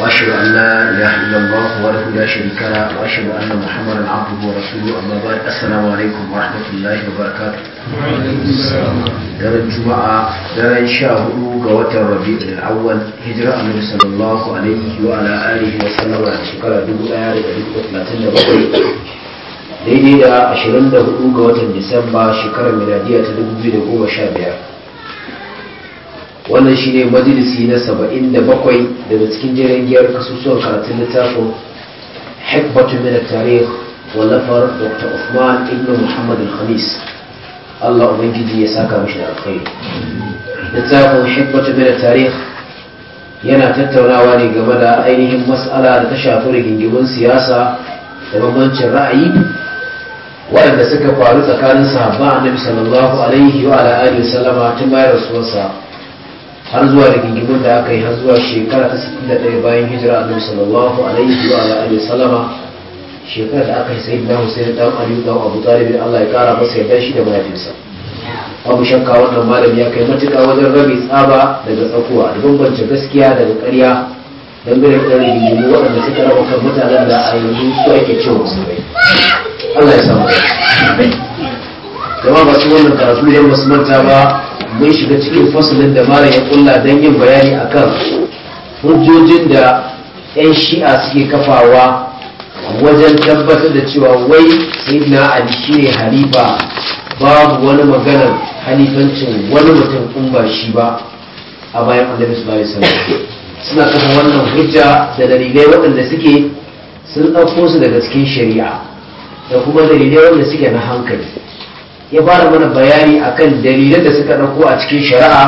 وأشهد أن لا إله إلا الله وله لا شريك له وأشهد أن محمدا عبده ورسوله أما بعد السلام عليكم ورحمة الله وبركاته daren juma'a daren sha hudu ga watan rabi'ul awwal hijira annabi sallallahu alaihi wa ala alihi wa sallam a shekara 1437 daidai da 24 ga watan disamba shekarar miladiya ta sha biyar. wannan shine majalisi na 77 daga cikin jerin giyar kasusuwan karatun littafin hikbatu min at-tarikh wallafar Dr. othman ibn Muhammad al-Khamis Allah ubangiji ya saka mashi da alkhairi littafin hikbatu min at yana tattaunawa ne game da ainihin mas'ala da ta shafi rigingimin siyasa da bambancin ra'ayi waɗanda suka faru tsakanin sahabba annabi sallallahu alaihi wa alihi wasallama tun bayan rasuwarsa har zuwa da gingimin da aka yi har zuwa shekara ta 61 bayan hijira a nan sallallahu alaihi wa alihi salama shekara da aka yi sai sayyidina Hussein ɗan aliyu dan Abu talibin Allah ya kara masa yadda shi da mahaifinsa abu shakka wannan malam ya kai matuƙa wajen rabe tsaba daga tsakuwa da bambance gaskiya daga ƙarya dangane da rigingimu waɗanda suka raba kan mutanen da a yanzu su ake cewa musulmai Allah ya samu gama ba su wannan karatu da yamma ba mun shiga cikin fasalin da mara ya kulla don yin bayani a kan. hujjojin da 'yan shi'a suke kafawa wajen tabbatar da cewa wai sai na ali ne halifa babu wani maganar halifancin wani mutum in ba shi ba a bayan annabi sallallahu alaihi suna kafa wannan hujja da dalilai waɗanda suke sun ɗauko su daga cikin shari'a da kuma dalilai waɗanda suke na hankali ya fara mana bayani akan dalilan da suka ɗauko a cikin shari'a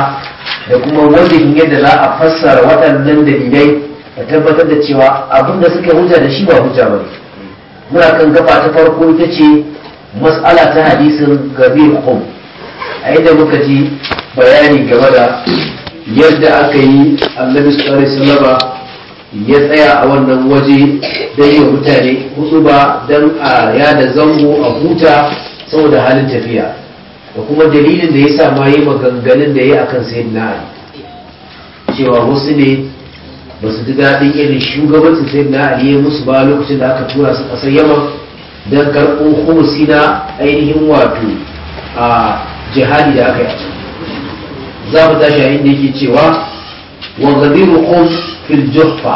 da kuma wajen yadda za a fassara waɗannan dalilai da tabbatar da cewa abin da suka hujja da shi ba hujja ba muna kan gaba ta farko ita ce mas'ala ta hadisin gabi hukum a yadda muka ji bayani game da yadda aka yi annabi sallallahu alaihi ya tsaya a wannan waje don yi mutane hudu ba don a yada zango a huta saboda halin tafiya da kuma dalilin da ya sa ma yi maganganun da ya akan sayin na'ari cewa wasu ne ba su ji daɗin irin shugabancin sayin na'ari ya musu ba lokacin da aka tura su ƙasar yamma don karɓo kumusi na ainihin wato a jihadi da aka yi za mu tashi a inda yake cewa wa gaziru qum fil juhfa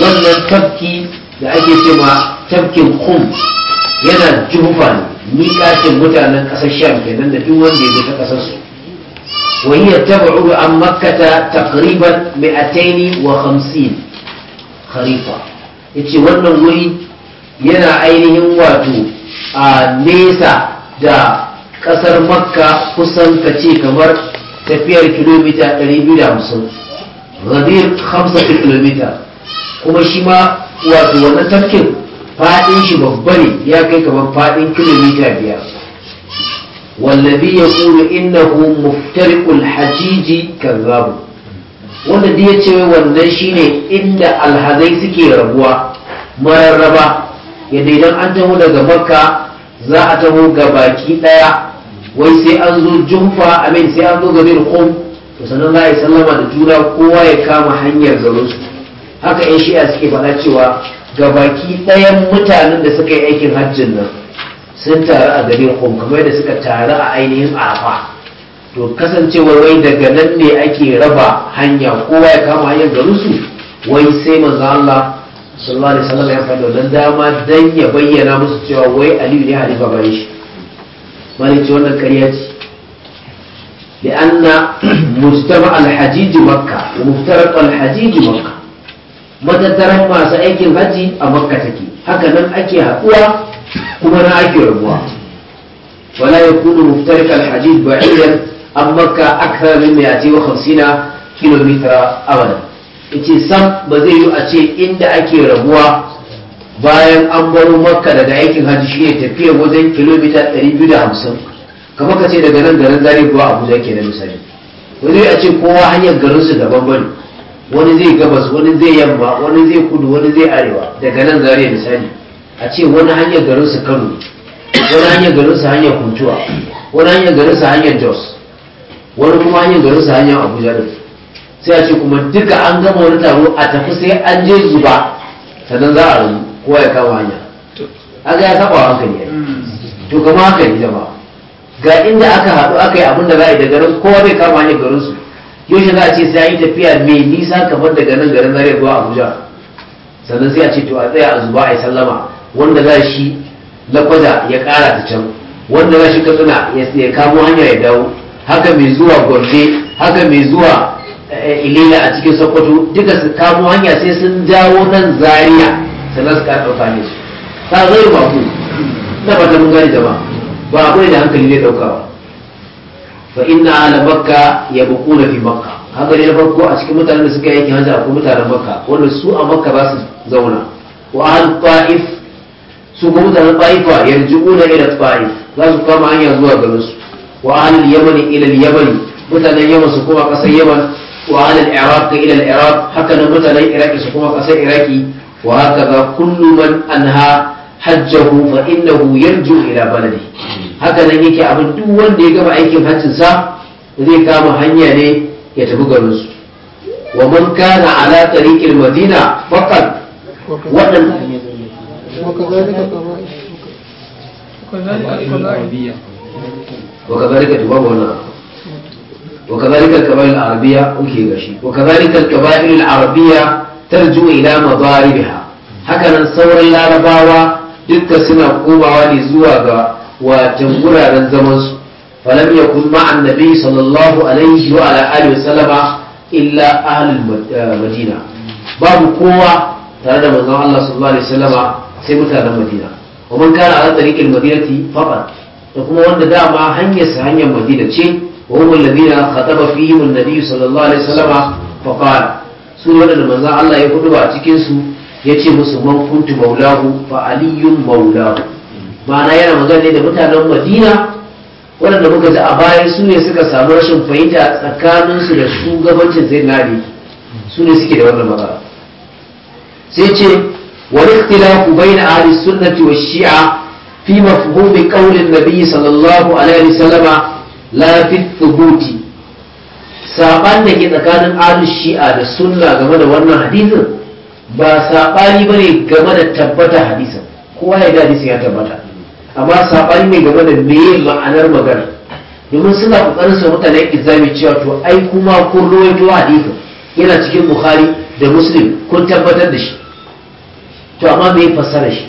wannan tafki da ake cewa ma tafkin kum yana juhfa ne miƙaƙin mutanen ƙasar sham kenan da duk wanda ya ta ƙasar su wa hiya tab'u an makkata taqriban 250 kharifa yace wannan wuri yana ainihin wato a nesa da ƙasar makka kusan kace kamar tafiyar kilomita 250 ghadir 5 kilomita kuma shi ma wato wannan tafkin faɗin shi babba ne ya kai kamar faɗin kilomita biyar wallabi ya kuru innahu muftarikul hajiji kazzabu wanda da ya ce wannan shine inda alhazai suke rabuwa mararraba yadda idan an taho daga makka za a taho ga baki ɗaya wai sai an zo jumfa amin sai an zo gabin qum to sannan za a yi sallama da juna kowa ya kama hanyar garinsu haka 'yan shi'a suke faɗa cewa ga baki ɗayan mutanen da suka yi aikin hajjin nan sun taru a garin kuma kamar da suka taru a ainihin arafa to kasancewar wai daga nan ne ake raba hanya kowa ya kama hanyar garusu wai sai manzo Allah sallallahu alaihi wasallam ya faɗa wannan dama dan ya bayyana musu cewa wai Aliyu ne halifa bare shi mali ce wannan ƙarya ce لأن مجتمع الحجيج مكة ومفترق الحجيج مكة matattaran masu aikin hajji a makka take haka nan ake haɗuwa kuma na ake rabuwa wala ya kunu muftarik alhajij ba'idan an makka akthar min hamsina km abada yace sam ba zai yi a ce inda ake rabuwa bayan an baro makka daga aikin hajji shine tafiyar wajen kilomita 250 kamar ka ce daga nan garin zare kuwa abuja da misali wani a ce kowa hanyar garinsu daban bane wani zai gabas wani zai yamma wani zai kudu wani zai arewa daga nan zariya misali a ce wani hanyar garin su kano wani hanyar garin su hanyar kuntuwa wani hanyar garin su hanyar jos wani kuma hanyar garin su hanyar abuja da sai a ce kuma duka an gama wani taro a tafi sai an je zuba sannan za a rubu kowa ya kama hanya ga ya saba hankali ya to kama hankali da ga inda aka haɗu aka yi abin da za a yi da garin kowa bai kama hanyar garin su yaushe za a ce sai yi tafiya mai nisa kamar daga nan garin zare zuwa abuja sannan sai a ce to a tsaya a zuba a yi sallama wanda za shi lakwaja ya kara ta can wanda za shi katsina ya kamo hanya ya dawo haka mai zuwa gombe haka mai zuwa eh, ilila a cikin sokoto duka su kamo hanya sai sun jawo nan Zariya, sannan su kara ɗauka ne su ta zai ba ku na ba ta mun gani jama'a ba abu ne da hankali ne ɗaukawa fa inna ala makka yabquna fi makka haka ne na farko a cikin mutanen da suka yi yakin hajji akwai mutanen makka wanda su a makka ba su zauna wa an su kuma mutanen ta'ifa yarji'una ila ta'if za su kama hanya zuwa garinsu. su wa an yaman ila yaman mutanen yaman su kuma kasar yaman wa an haka mutanen iraki su kuma kasar iraki wa haka ga anha hajjahu fa innahu yarju ila baladi haka nan yake abin duk wanda ya gama aikin hajjin sa zai kama hanya ne ya tafi garin su wa man kana ala وكذلك تباب هنا وكذلك الكبائر العربية وكذلك الكبائر العربية ترجو إلى مضاربها hakanan sauran larabawa Dukka suna komawa ne zuwa ga watan wuraren zamansu falam ya kun ma'an nabi sallallahu alaihi wa ala alihi wa sallama illa ahlul eh, madina babu kowa tare da manzon Allah sallallahu alaihi wa sallama sai mutanen madina wa man kana ala tariqil madinati faqat da kuma wanda dama hanyar sa hanyar madina ce wa hum alladhina khataba fihim an-nabi sallallahu alaihi wa sallama faqala su wanda manzon Allah ya hudu a cikin su ya ce musu man kuntu maulahu fa aliyun maulahu ma'ana yana magana ne da mutanen madina waɗanda muka ji a baya su ne suka samu rashin fahimta tsakaninsu da shugabancin zai nari su ne suke da wannan magana sai ce wani ikhtilafu bayna ahli sunnati wa shi'a fi mafhumi qawlin nabi sallallahu alaihi wasallama la fi thubuti saban da ke tsakanin ahli shi'a da sunna game da wannan hadisin ba saɓani ba ne game da tabbata hadisin kowa ya da hadisi ya tabbata amma saɓani ne game da me ma'anar magana domin suna ƙoƙarin su mutane izami cewa to ai kuma kun rawaito hadisin yana cikin bukhari da muslim kun tabbatar da shi to amma me fassara shi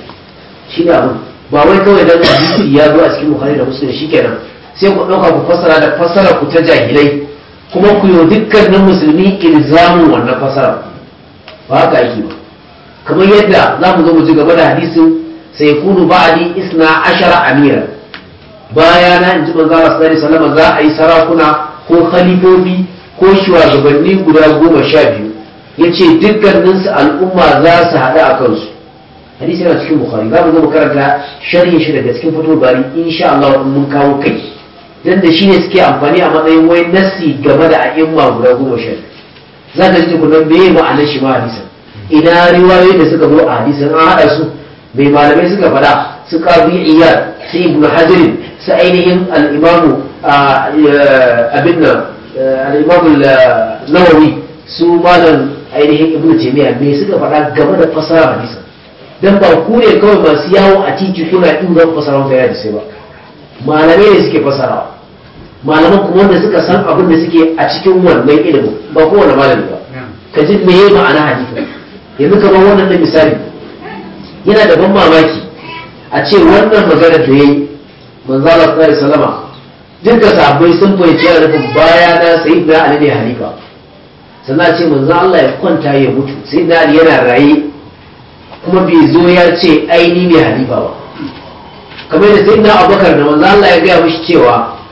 shi ne abin ba wai kawai dan hadisi ya zo a cikin bukhari da muslim kenan, sai ku ɗauka ku fassara da fassara ku ta jahilai kuma ku yi dukkanin musulmi ilzamin wannan fassara ba haka ake ba kamar yadda za mu zo mu ji gaba da hadisin sai kunu ali isna ashara amira Baya na in ji manzo Allah sallallahu alaihi za a yi sarakuna ko khalifofi ko shuwagabanni guda goma sha biyu yace dukkanin su al'umma za su hada a kansu hadisi yana cikin bukhari za mu zo mu karanta sharhin shi daga cikin fito bari insha Allah mun kawo kai dan da shine suke amfani a matsayin wai nasi game da a'imma guda goma sha biyu za ka ce kudan me ma'anar shi ma hadisan ina riwayoyi da suka zo a hadisin an haɗa su bai malamai suka faɗa su kafi iyar su ibn hajirin su ainihin al'imamu eh, abin nan eh, al'imamu nawawi su malam ainihin ibn taimiyya me suka faɗa game da fasara hadisin dan ba ku ne kawai masu yawo a titi kuna ɗin don fasarar da ya ba malamai ne suke fasarawa malaman kuma wanda suka san abin da suke a cikin wannan ilimin ba kowane malami ba ka ji me yayi ma'ana hadisi yanzu kamar wannan da misali yana da ban mamaki a ce wannan magana da yayi manzo Allah sallallahu alaihi wasallama duka sahabbai sun fahimci yana rufin baya na sayyidina Ali ne halifa sannan ce manzo Allah ya kwanta ya mutu sayyidina Ali yana raye kuma bai zo ya ce aini ne halifa ba kamar da sayyidina Abubakar da manzo Allah ya gaya mishi cewa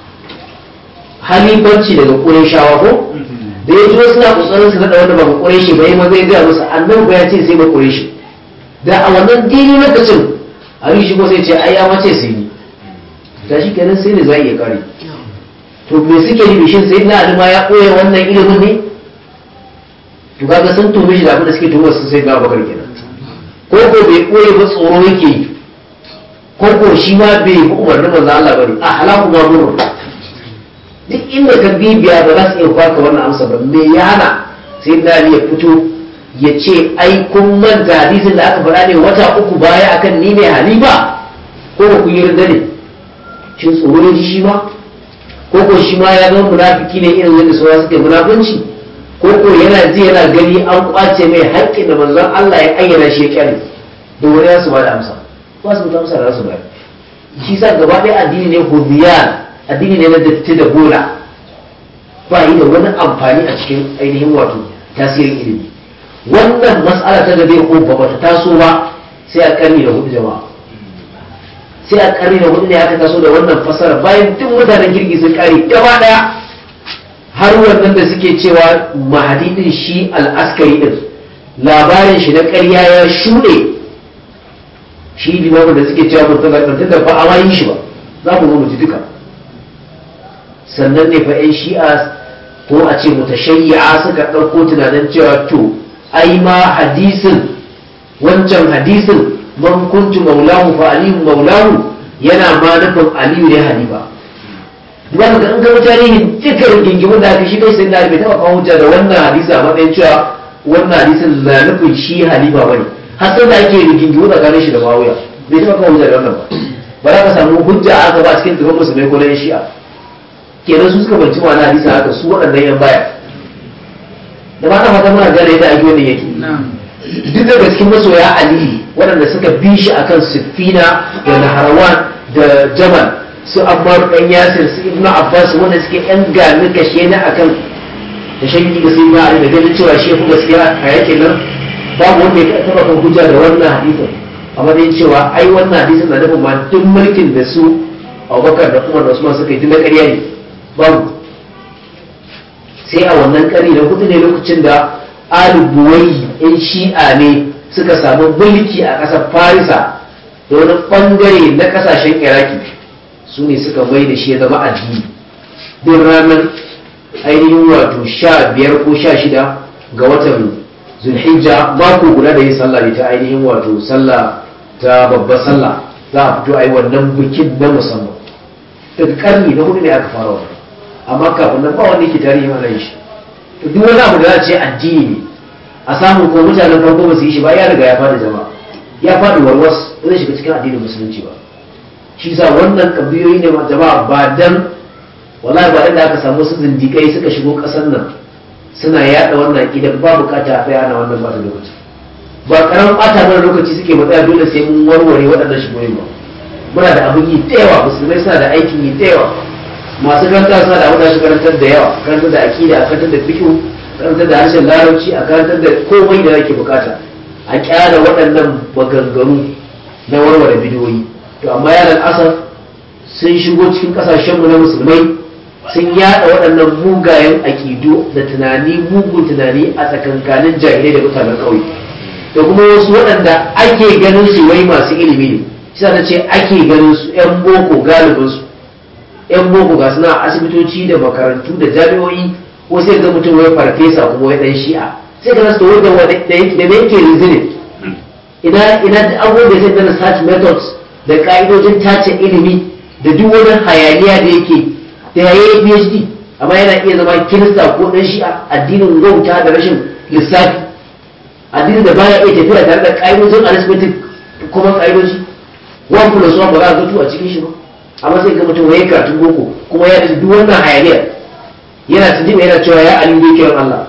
halifanci daga shawa ko mm-hmm. da ya zo suna kusurin su naɗa wanda ba ƙureshi ba yi bayan ya gaya musu annan ba ya ce sai ba shi da a wannan dini lokacin ali shi ko sai ce ai ya mace sai ni da shi kenan sai ne za a iya kare to me suke yi shin sai na alima ya ɓoye wannan ilimin ne to kaga sun tume shi da abin da suke tume su sai ga bakar kenan ko ko bai ɓoye ba tsoro yake yi ko ko shi ma bai ko umarnin manzo Allah bane a halaku ma gurin duk inda ka bibiya ba za su iya baka wannan amsa ba me yana sai na ya fito ya ce ai kun manta hadisin da aka faɗa ne wata uku baya akan ni ne ba? ko ku yi yarda ne shin tsoro ne shi ba ko ko shi ma ya zama munafiki ne irin yadda sauran suke munafunci ko ko yana ji yana gani an kwace mai haƙƙin da manzon Allah ya ayyana shi ya kyale da wani ya su ba da amsa ba su amsa da za su ba shi sa gaba ɗaya addini ne hudiyan addini ne na datti da bola ba yi da wani amfani a cikin ainihin wato tasirin ilimi wannan mas'alar ta da bai ko ba ta taso ba sai a karni da hudu jama'a sai a karni da hudu ne aka taso da wannan fasara bayan duk mutanen girgi sun kare gaba daya har wannan da suke cewa mahadi din shi al'askari din labarin shi na ƙarya ya shuɗe shi limamin da suke cewa mutum da ba a ma yi shi ba za mu zo duka sannan ne fa 'yan shi'a ko a ce mutashayya suka ɗauko tunanin cewa to ai ma hadisin wancan hadisin man kuntu maulahu fa aliyu maulahu yana ma nufin aliyu ne halifa ba ka ga kawo tarihin cikin gingimin da aka shi kai sai na bai taɓa kawo hujja da wannan hadisi a matsayin cewa wannan hadisin na nufin shi halifa bane har sai da ake rigingimu tsakanin shi da ya, bai taɓa kawo hujja da wannan ba ba za ka samu hujja aka ba cikin dukkan musulmai ko na shi'a kenan su suka banci wani hadisi haka su waɗannan yan baya da ba ta fata muna gane yadda ake wannan yake duk da gaskin masoya Ali, waɗanda suka bi shi akan siffina da naharawan da jamal su ammar ɗan yasir su ibnu abbas wanda suke yan gami kashe na akan da shaidi da sai ba da ganin cewa shi gaske gaskiya a yake nan babu wanda ya taɓa kan hujja da wannan hadisin amma dai cewa ai wannan hadisin na nufin ma duk mulkin da su abubakar da kuma da usman suka yi duk na ƙarya ne babu sai a wannan ƙari da hudu ne lokacin da alibuwai yan shi'a ne suka samu mulki a ƙasar farisa da wani ɓangare na ƙasashen iraki su ne suka mai da shi ya zama addini duk ranar ainihin wato sha biyar ko sha shida ga watan zulhijja mako guda da yin sallah ne ta ainihin wato sallah ta babbar sallah za a fito a yi wannan bikin na musamman daga ƙarni na hudu ne aka fara wannan amma kafin nan ba wanda ke tarihi ma ran shi to duk wani abu da za a ce addini ne a samu ko mutanen farko ba su yi shi ba ya riga ya fada jama'a ya fada warwas zai shiga cikin addinin musulunci ba shi sa wannan kabiyoyi ne ma jama'a ba dan wallahi ba dan da aka samu su zindikai suka shigo kasar nan suna yada wannan idan ba bukata a yana wannan ba da lokaci ba karamin bata mana lokaci suke matsaya dole sai mun warware waɗannan shigoyin ba muna da abin yi da yawa musulmai suna da aikin yi da yawa masu karanta suna da abin su karantar da yawa karantar da akida a karantar da fikihu karantar da harshen larabci a karantar da komai da ake bukata a kyara waɗannan maganganu na warware bidiyoyi to amma yaran asar sun shigo cikin ƙasashenmu na musulmai sun yada waɗannan mugayen aƙidu da tunani mugun tunani a tsakankanin jahilai da mutanen ƙauye da kuma wasu waɗanda ake ganin su wai masu ilimi ne sai ta ce ake ganin su 'yan boko galibinsu yan boko ga suna asibitoci da makarantu da jami'o'i ko sai ga mutum wai farfesa kuma wai dan shi'a sai ka su wanda wanda da da yake rizini ina ina da abubuwa da na research methods da ka'idojin tace ilimi da duk wani hayaniya da yake da yayi PhD amma yana iya zama kirista ko dan shi'a addinin gwamta da rashin lissafi addinin da baya iya tafiya tare da ka'idojin arithmetic kuma ka'idoji wani kula one ba za a zutu a cikin shi ba amma sai ga mutum wai karatu boko kuma ya ji duk wannan hayaniyar yana tunjima yana cewa ya alim bai kiran Allah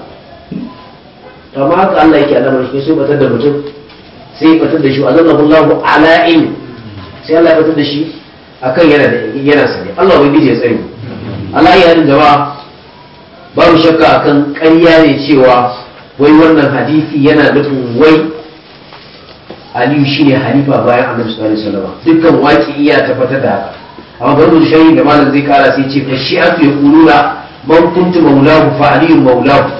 to ma haka Allah yake alama shi sai batar da mutum sai batar da shi azallahu Allah ala ala'in. sai Allah ya batar da shi akan yana yana sani Allah bai bije tsare Allah ya yin jama'a babu shakka akan ƙarya ne cewa wai wannan hadisi yana nufin wai Aliyu shi ne halifa bayan Annabi sallallahu alaihi wasallam dukkan waƙi iya tabbata da haka amma bari mu shayi da malam zai kara sai ce fa shi'atu yaquluna man kuntu maulahu fa aliyu maulahu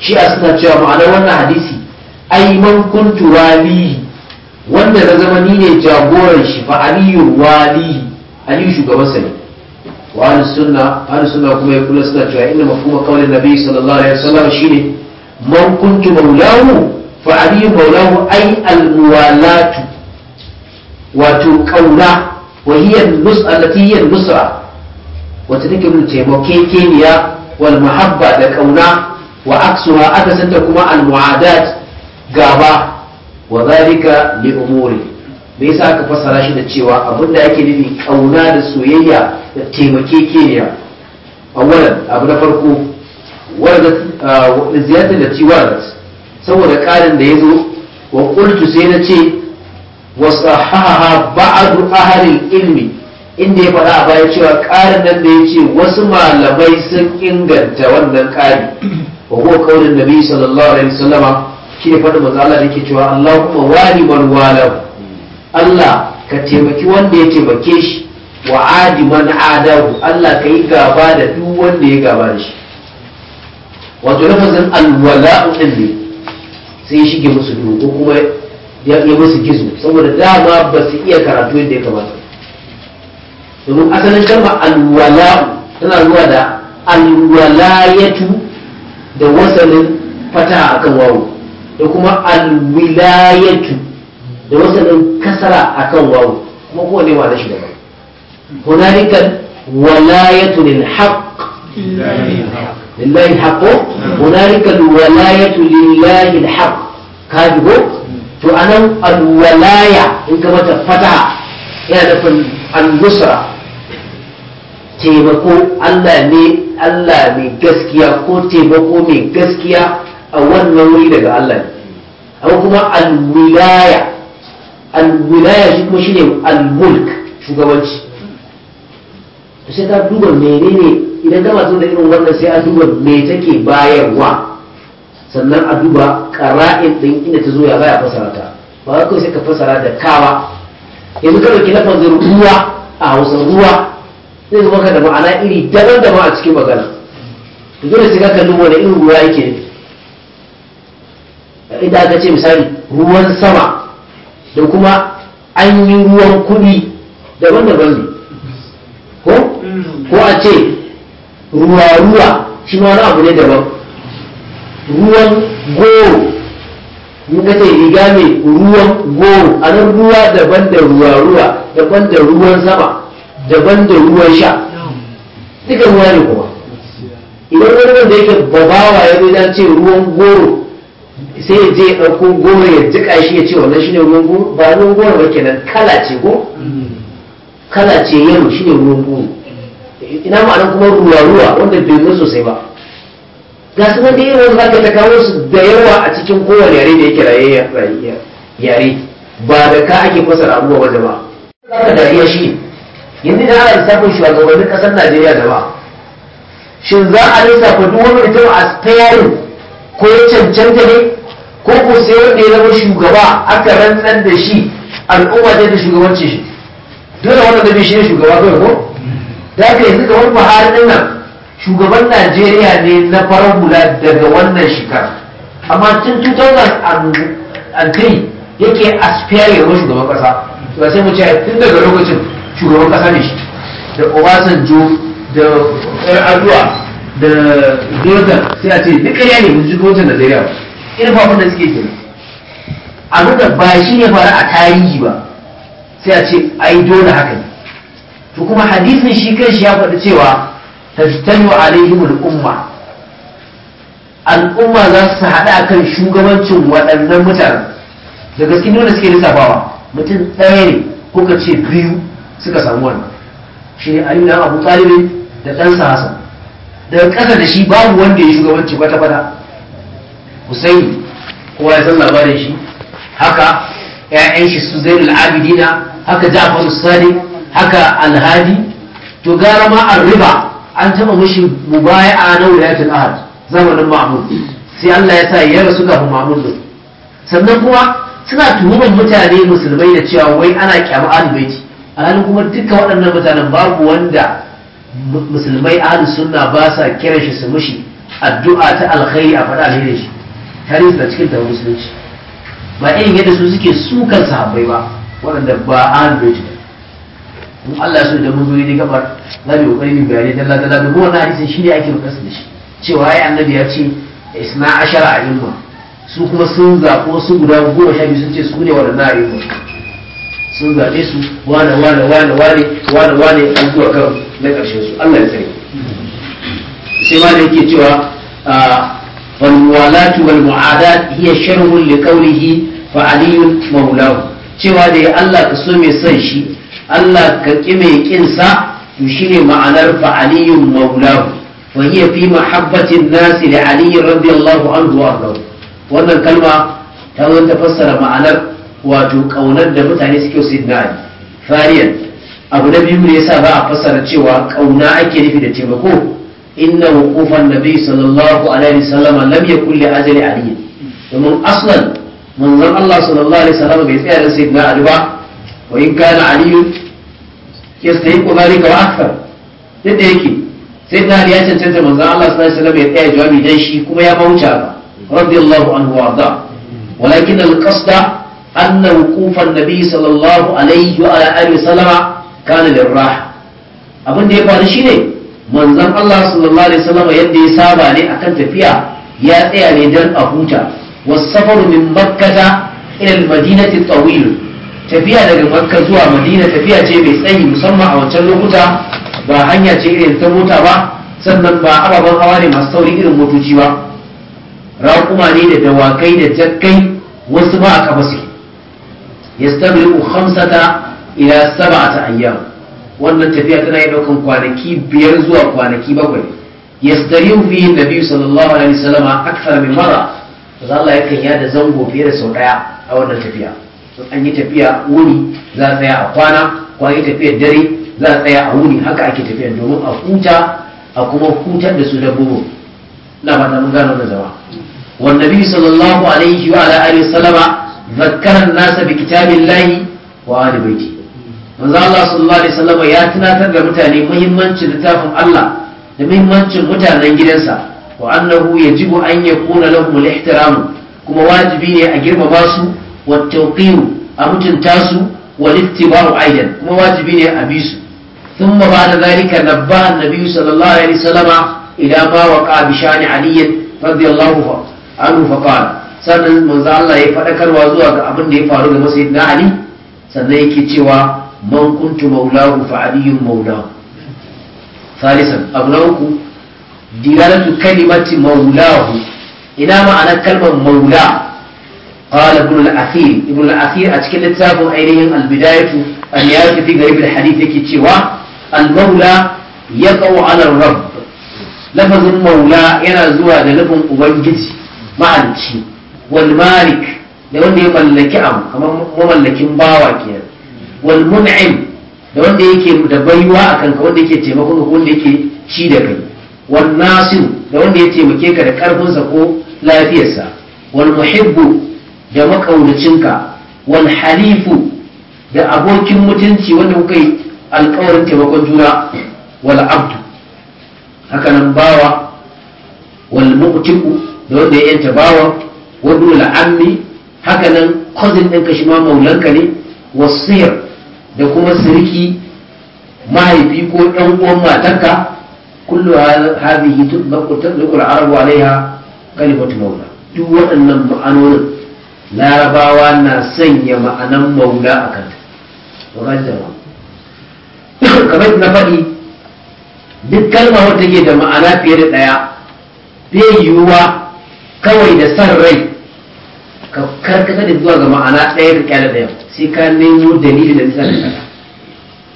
shi'a suna cewa ma'anar wannan hadisi ai man kuntu walihi wanda na zama ni ne jagoran shi fa aliyu walihi aliyu shugaban sa ne wa ahlus sunna ahlus sunna kuma yakuna suna cewa inna mafhuma qawlin nabi sallallahu alaihi wasallam shine man kuntu maulahu fa aliyu maulahu ai al muwalatu wato kauna wa hiya nus allati hiya nusra wata take mun taimakekeniya wal muhabba da ƙauna, wa aksuha akasanta kuma al mu'adat gaba wa zalika li umuri me yasa aka fassara shi da cewa abinda yake nufi ƙauna da soyayya da taimakekeniya awwalan abu na farko waradat ziyarar da ci saboda karin da ya zo wa kultu sai na ce وصححها بعض أهل العلم inda ya faɗa a baya cewa ƙarin nan da ya ce wasu malamai sun inganta wannan ƙari wa huwa kaulin nabi sallallahu alaihi wasallama shi ne faɗin manzo Allah yake cewa Allahumma wali man walahu Allah ka taimaki wanda ya taimake shi wa adi man adahu Allah ka yi gaba da duk wanda ya gaba da shi wato lafazin alwala'u din ne sai ya shige musu duhu ko kuma ya yi musu gizo saboda dama ba su iya karatu yadda ya kamata domin asalin kalma alwala tana zuwa da alwalayatu da wasanin fata a kan wawo da kuma alwilayatu da wasanin kasara a kan wawo kuma kowane wa na shi daban hunarikan walayatu lil haqq lillahi haqqo hunarika alwalayatu lillahi alhaq kaji ko to anan alwalaya in ka mata fataha yana nufin al taimako Allah ne Allah mai gaskiya ko taimako mai gaskiya a wannan wuri daga Allah ne amma kuma alwilaya. Alwilaya shi kuma shine al-mulk shugabanci to sai ka duba menene idan ka masu da irin wannan sai a duba me take bayarwa sannan a duba ƙara'in ɗin inda ta zo ya a fasara ta ba kai sai ka fasara da kawa yanzu ka dauki lafazin ruwa a hausa ruwa zai zama ka da ma'ana iri daban daban a cikin magana to dole sai ka kalli wani irin ruwa yake nufi idan aka ce misali ruwan sama da kuma an yi ruwan kuɗi daban daban ne ko ko a ce ruwa ruwa shi ma wani abu ne daban ruwan goro in ka ce riga mai ruwan goro a nan ruwa daban da ruwa ruwa daban da ruwan sama daban da ruwan sha duka ruwa ne kuma idan wani wanda yake babawa ya zai dan ce ruwan goro sai ya je ɗauko goro ya jika shi ya ce wannan shine ruwan goro ba ruwan goro ba kenan kala ce ko kala ce yaro shine ruwan goro ina ma'anar kuma ruwa ruwa wanda bai zo sosai ba ga su nan da yawan za ka ta kawo su da yawa a cikin kowane yare da yake raye yare ba da ka ake fasara abubuwa ba jama'a da dariya shi yanzu da ana lissafin shugabannin kasar najeriya jama'a shin za a lissafa duk wani mutum a tsayarin ko ya cancanta ne ko ko sai wanda ya zama shugaba aka rantsar da shi al'umma ta da shugabanci shi dole wanda zai shi ne shugaba kawai ko da haka yanzu kamar buhari nan shugaban najeriya ne na farar hula daga wannan shekara amma tun 2003 yake aspire ya zama shugaban kasa ba sai mu ce tun daga lokacin shugaban kasa ne shi da obasanjo da yar aduwa da jordan sai a ce duk ya ne mun ji wajen najeriya ba fafin da suke kenan abin da ba shi ne fara a tarihi ba sai a ce ai dole haka ne to kuma hadisin shi kan shi ya faɗi cewa tajtamu alaihim al'umma al'umma za su haɗu kan shugabancin waɗannan mutanen daga cikin wanda suke lissafawa mutum ɗaya ne kuka ce biyu suka samu wannan shi ne aliyu abu talibin da ɗansa hasan daga ƙasa da shi babu wanda ya shugabanci kwata-kwata husaini kowa ya san labarin shi haka ƴaƴan shi su zainul abidina haka ja'far sadiq haka alhadi to gara ma riba an taɓa mushi mubaya'a na wilayatul ahad zamanin ma'mun sai Allah ya sa ya rasu kafin ma'mun din sannan kuma suna tuhumar mutane musulmai da cewa wai ana kyama ahlul baiti alhalin kuma duka waɗannan mutanen babu wanda musulmai ahlus sunna ba sa kiran shi su mushi addu'a ta alkhairi a faɗa alheri shi tarihi da cikin tawon musulunci ba irin yadda su suke sukan sahabbai ba waɗanda ba ahlul baiti ba in Allah ya so da mun zo yi gabar za mu kokari mu bayani dalla dalla da wannan hadisin shi ne ake rukas da shi cewa ai annabi ya ce isna ashara a'imma su kuma sun zaɓo su guda goma sha biyu sun ce su ne waɗannan a'imma sun zaɓe su wane wane wane wane wane wane an zuwa kan na ƙarshen su Allah ya tsare sai ma da yake cewa والموالاة والمعاداة هي شرح لقوله فعلي مولاه cewa da ya Allah ka so mai son shi Allah ka ƙi mai ƙinsa to shine ma'anar fa aliyun maulahu fa hiya fi mahabbatin nasi da ali radiyallahu anhu wa ardahu wannan kalma ta zo ta fassara ma'anar wato kaunar da mutane suke su da ali fariyan abu na biyu ne yasa ba a fassara cewa kauna ake nufi da taimako inna wuqufan nabi sallallahu alaihi wasallam lam yakul li ajli ali domin aslan manzon Allah sallallahu alaihi wasallam bai tsaya da sayyidina ali ba وإن كان علي يستحق ذلك وأكثر yadda yake sai ta ya cancanta manzan Allah sallallahu alaihi ya tsaya jawabi dan shi kuma ya bauta ba radiyallahu anhu wa da walakin al-qasda anna wuqufan nabi sallallahu alaihi wa alihi sallama kana lirrah abin da ya faru shine manzan Allah sallallahu alaihi wasallam yadda ya saba ne akan tafiya ya tsaya ne dan a huta wasu safaru min makkah ila madinati tawil tafiya daga makka zuwa madina tafiya ce mai tsayi musamman a wancan lokuta ba hanya ce irin ta mota ba sannan ba ababen hawa ne masu sauri irin motoci ba raƙuma ne da dawakai da jakkai wasu ba a kafa su yastabiqu khamsata ila sab'ata ayyam wannan tafiya tana yi daukan kwanaki biyar zuwa kwanaki bakwai yastarihu fi nabi sallallahu alaihi wasallama akthar min mara Allah yakan yada zango fiye da sau ɗaya a wannan tafiya an yi tafiya wuni za a tsaya a kwana ko an yi tafiyar dare za a tsaya a wuni haka ake tafiya domin a huta a kuma hutar da su dabbobin na fata mun gano da zama wannan nabi sallallahu alaihi wa ala alihi sallama zakkara nasa bi kitabillahi wa ali baiti manzo Allah sallallahu alaihi sallama ya tunatar da mutane muhimmancin littafin Allah da muhimmancin mutanen gidansa wa annahu yajibu an yakuna lahum al-ihtiramu kuma wajibi ne a girmama su wa a mutunta su wal ittiba'u aidan kuma wajibi ne a bi su thumma ba'da zalika nabba annabi sallallahu alaihi wasallama ila ma waqa bi shani sannan manzo Allah ya faɗakarwa zuwa ga abin da ya faru ga sayyidina ali sannan yake cewa man kuntu maulahu fa aliyun maulahu thalisan abu na uku dilalatu kalimati maulahu ina ma'anar kalmar maula قال ابن الأثير ابن الأثير أتكلم التاب أينهم البداية النهاية في قريب الحديث كتشوا المولى يقع على الرب لفظ المولى ينا زوا لنفهم أبنجتي معنشي والمالك da wanda ya mallaki abu kamar mamallakin bawa kenan wal mun'im da wanda yake da baiwa a kanka wanda yake taimakon ka wanda yake ci da kai wal nasir da wanda ya taimake ka da ko lafiyarsa wal muhibbu da makaunacinka wal halifu da abokin mutunci wanda kuka yi alkawarin taimakon juna wal abdu haka nan bawa wal mu'tiku da wanda ya yanta bawa wadu la ammi haka nan cousin ɗinka shi ma maulanka ne wasir da kuma siriki mahaifi ko ɗan uwan matarka kullu hadhihi tutlaqu tutlaqu al-arabu alaiha kalimatu mawla duk waɗannan ma'anonin larabawa na sanya ma'anan maula a kanta kamar na faɗi duk kalma wata ke da ma'ana fiye da ɗaya bai yiwuwa kawai da san rai ka karkata da zuwa ga ma'ana ɗaya da ƙyala ɗaya sai ka nemo dalili da nisan da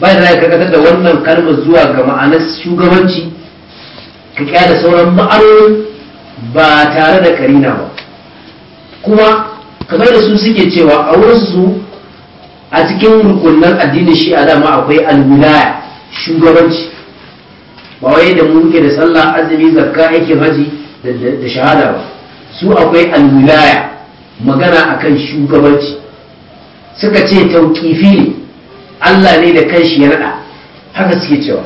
ba da ka karkata da wannan kalmar zuwa ga ma'anar shugabanci ka ƙyala sauran ma'anonin ba tare da karina ba kuma kamar da su suke cewa a wurinsu a cikin rukunan addinin shi a dama akwai alwilaya shugabanci ba wai da muke da sallah azumi zakka yake haji da shahada ba su akwai alwilaya magana akan shugabanci suka ce tauƙifi ne Allah ne da kanshi ya rada haka suke cewa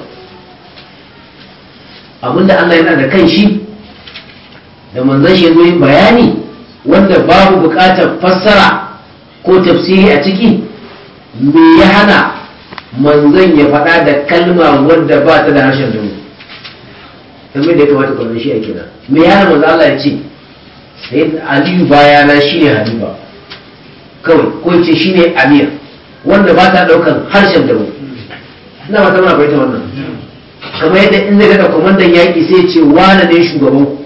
abinda Allah yana da shi da manzon shi ya bayani wanda babu bukatar fassara ko tafsiri a ciki me ya hana manzon ya faɗa da kalma wanda ba ta da harshen dumu kamar da ya kamata kwanan shi a kira me ya hana manzon Allah ya ce sai aliyu bayana shine haliba kawai ko ce shine amir wanda ba ta ɗaukan harshen dumu ina ba ta mana fahimta wannan kamar yadda in zai daga kwamandan yaƙi sai ce wane ne shugaban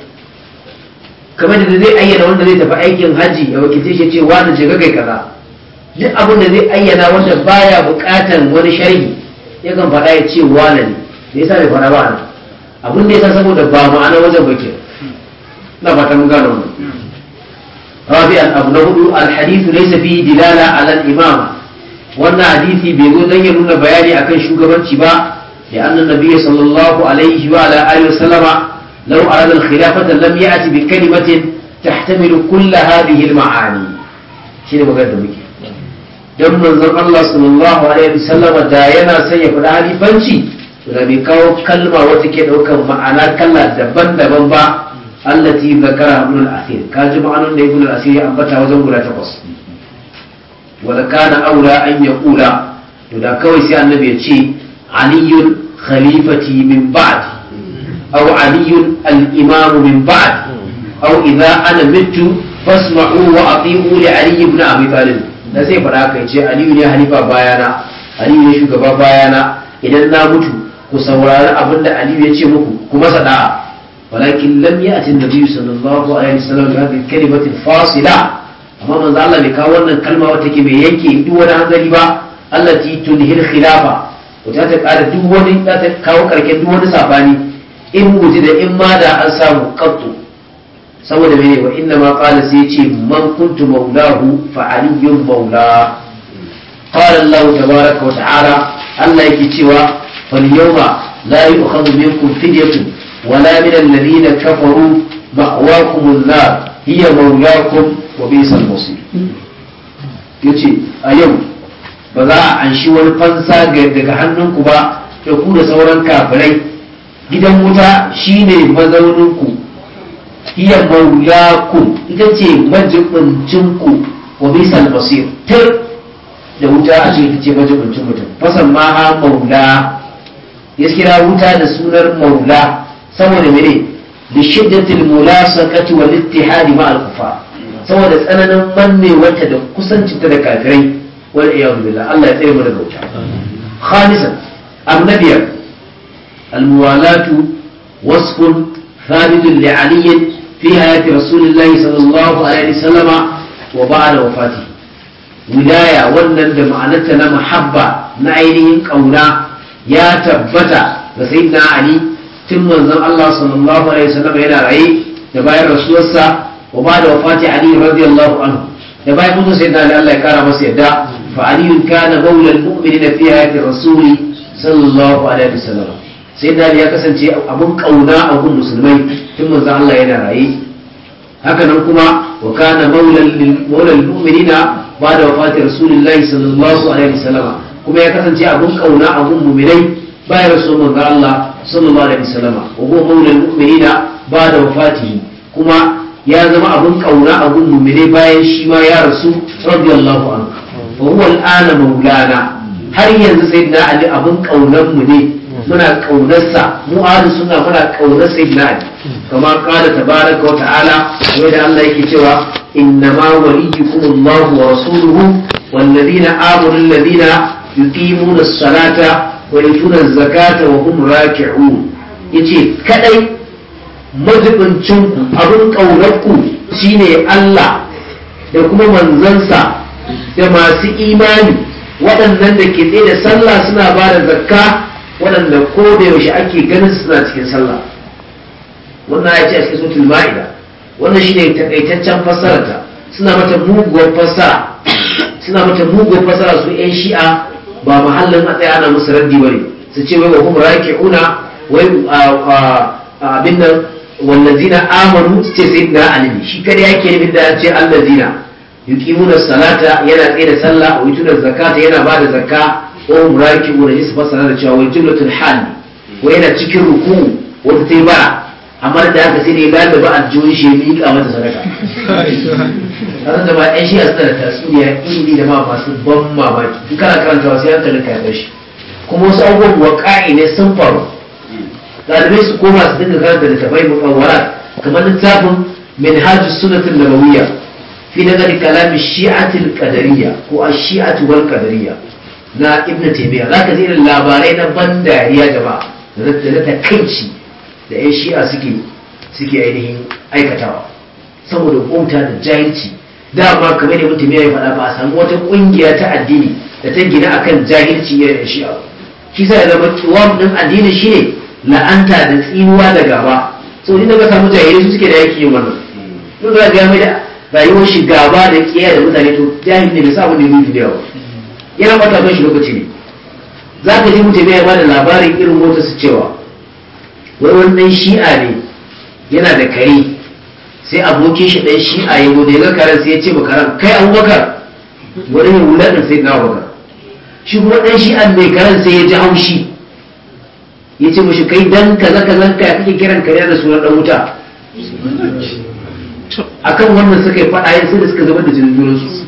kamar da zai ayyana wanda zai tafi aikin haji ya wakilce shi ce wani shiga kai kaza duk abin da zai ayyana wanda baya bukatan wani sharhi yakan faɗa ya ce wani ne da yasa bai faɗa ba ana abin da yasa saboda ba ma'ana wajen bakin na ba ta mun gano mu rabi'an abu na hudu alhadithu laysa fihi dilala ala al-imama wannan hadisi bai zo dan ya nuna bayani akan shugabanci ba da annan nabiyyi sallallahu alaihi wa ala alihi wa sallama لو أراد الخلافة لم يأتي بكلمة تحتمل كل هذه المعاني شنو مقدم بك don manzon Allah sallallahu alaihi wasallam da yana son ya faɗa halifanci da bai kawo kalma wata ke ɗaukar ma'ana kala daban-daban ba allati zakara ibn al-asir ka ji ma'anar da ibn al-asir ya ambata wajen guda takwas wala kana aula an ya kula to da kawai sai annabi ya ce aliyun khalifati min ba'di أو علي الإمام من بعد أو إذا أنا مت فاسمعوا وأطيعوا لعلي بن أبي طالب da zai faɗa kai ce aliyu ne halifa bayana aliyu ne shugaba bayana idan na mutu ku saurari abin da aliyu ya ce muku kuma sada da'a walakin lam ya'ti an-nabi sallallahu alaihi wasallam bi hadhihi kalimati fasila amma manzo Allah bai kawo wannan kalma wata ke mai yanke duk wani hanzari ba allati tunhil khilafa wata ta kara duk wani ta kawo karken duk wani sabani in wuji da in ma da an samu kattu saboda mene wa inna ma qala sai ce man kuntu maulahu fa aliyyun maula qala Allah tabaraka wa ta'ala Allah yake cewa fal yawma la yu'khadhu minkum fidyatun wala min alladhina kafaru ma'wakum an-nar hiya maulakum wa bisal masir yace a yau ba za a anshi wani fansa daga hannunku ba da ku da sauran kafirai gidan wuta shine mazauninku hiya maulakum ita ce majibincinku wa bisal basir tir da wuta a ce ita ce majibincin mutum ma ha maula ya kira wuta da sunar maula saboda mene da shiddatil mulasakati wal ittihadi ma al kufa saboda tsananin mannewarta da kusancinta da kafirai wal iyadu billah Allah ya tsare mu daga wuta khalisan annabiyar الموالاة وصف ثابت لعلي في حياة رسول الله صلى الله عليه وسلم وبعد وفاته ولاية wannan da ma'anarta na mahabba na ainihin ƙauna ya tabbata ga sayyidina Ali tun manzon Allah sallallahu alaihi wasallam yana raye da bayan rasuwarsa wa ba da wafati Ali radiyallahu anhu da bayan mutum sayyidina Ali Allah ya kara masa yadda fa Ali kana mawlal mu'minin fi sallallahu alaihi sai da ya kasance abun kauna a gun musulmai tun manzo Allah yana raye haka nan kuma wa kana maulal mu'minina ba da wafatin rasulullahi sallallahu alaihi wasallama kuma ya kasance abun kauna a gun mu'minai bayan rasul manzo Allah sallallahu alaihi wasallama wa huwa maulal mu'minina ba da wafatihi kuma ya zama abun kauna a gun mu'minai bayan shi ma ya rasu radiyallahu anhu wa huwa al'ana maulana har yanzu sayyidina ali abun kaunar mu ne muna kaunarsa mu ahli sunna muna kaunar sayyidina ali Kamar qala tabaraka wa ta'ala wai da Allah yake cewa innama waliyukum Allah wa rasuluhu wal ladina amanu alladina yuqimuna as-salata wa yutuna az-zakata wa hum raki'un yace kadai majibincin abin kaunarku shine Allah da kuma manzansa da masu imani waɗannan da ke tsaye da sallah suna ba da zakka waɗanda ko da yaushe ake ganin suna cikin sallah wannan ya ce a cikin sotul ma'ida wannan shine takaitaccen fassararta suna mata muguwar fassara suna mata muguwar fassara su yan shi'a ba mahallin a tsaya ana musu raddi bane su ce wai wa hum raki'una wai abin nan wallazina amanu su ce sai da alimi shi kada yake nufin da ya ce allazina yuqimuna salata yana tsaye da sallah wa yutuna zakata yana ba da zakka ko muraki wa rahis masana da cewa wai jumlatul hal Wa yana cikin ruku wata ta yi bara amma da haka sai ne ba da ba a jiyoyi shi yi ka mata sadaka kasan da ba ɗan shi a tsara tatsuniya indi da ma masu ban mamaki in kana karantawa sai hankalin ka ya shi kuma wasu abubuwan waƙa'i ne sun faru ɗalibai su koma su dinga karanta littafai mutawara kamar littafin minhajus sunnatin nabawiyya fi nazari kalamin shi'atul qadariyya ko a shiatu wal qadariyya na ibn taymiya zaka ji irin labarai na ban dariya gaba da na takaici da yan shi'a suke ainihin aikatawa saboda ƙunta da jahilci dama kamar da ne taymiya ya faɗa ba a samu wata ƙungiya ta addini da ta gina akan jahilci ya yan shi'a shi sai zama kiwam din addini shine la'anta da tsinuwa da gaba so ni ba samu jahilci su suke da yake yin wannan duk da ga mai da rayuwar shi gaba da kiyaye da mutane to jahilci ne bai sa da ya yi da ba yana bata shi lokaci ne za ka ji mutane ya bada labarin irin mota su cewa wai wannan shi'a ne yana da kare sai abokin shi dan shi'a ya gode ga karen sai ya ce makaran kai abubakar wani ne wulaɗin sai na abubakar shi kuma dan shi'a mai karen sai ya ji haushi ya ce mashi kai dan kaza kaza ka kake kiran kare da sunan dan wuta akan wannan suka yi faɗa yin sai da suka zama da jirgin su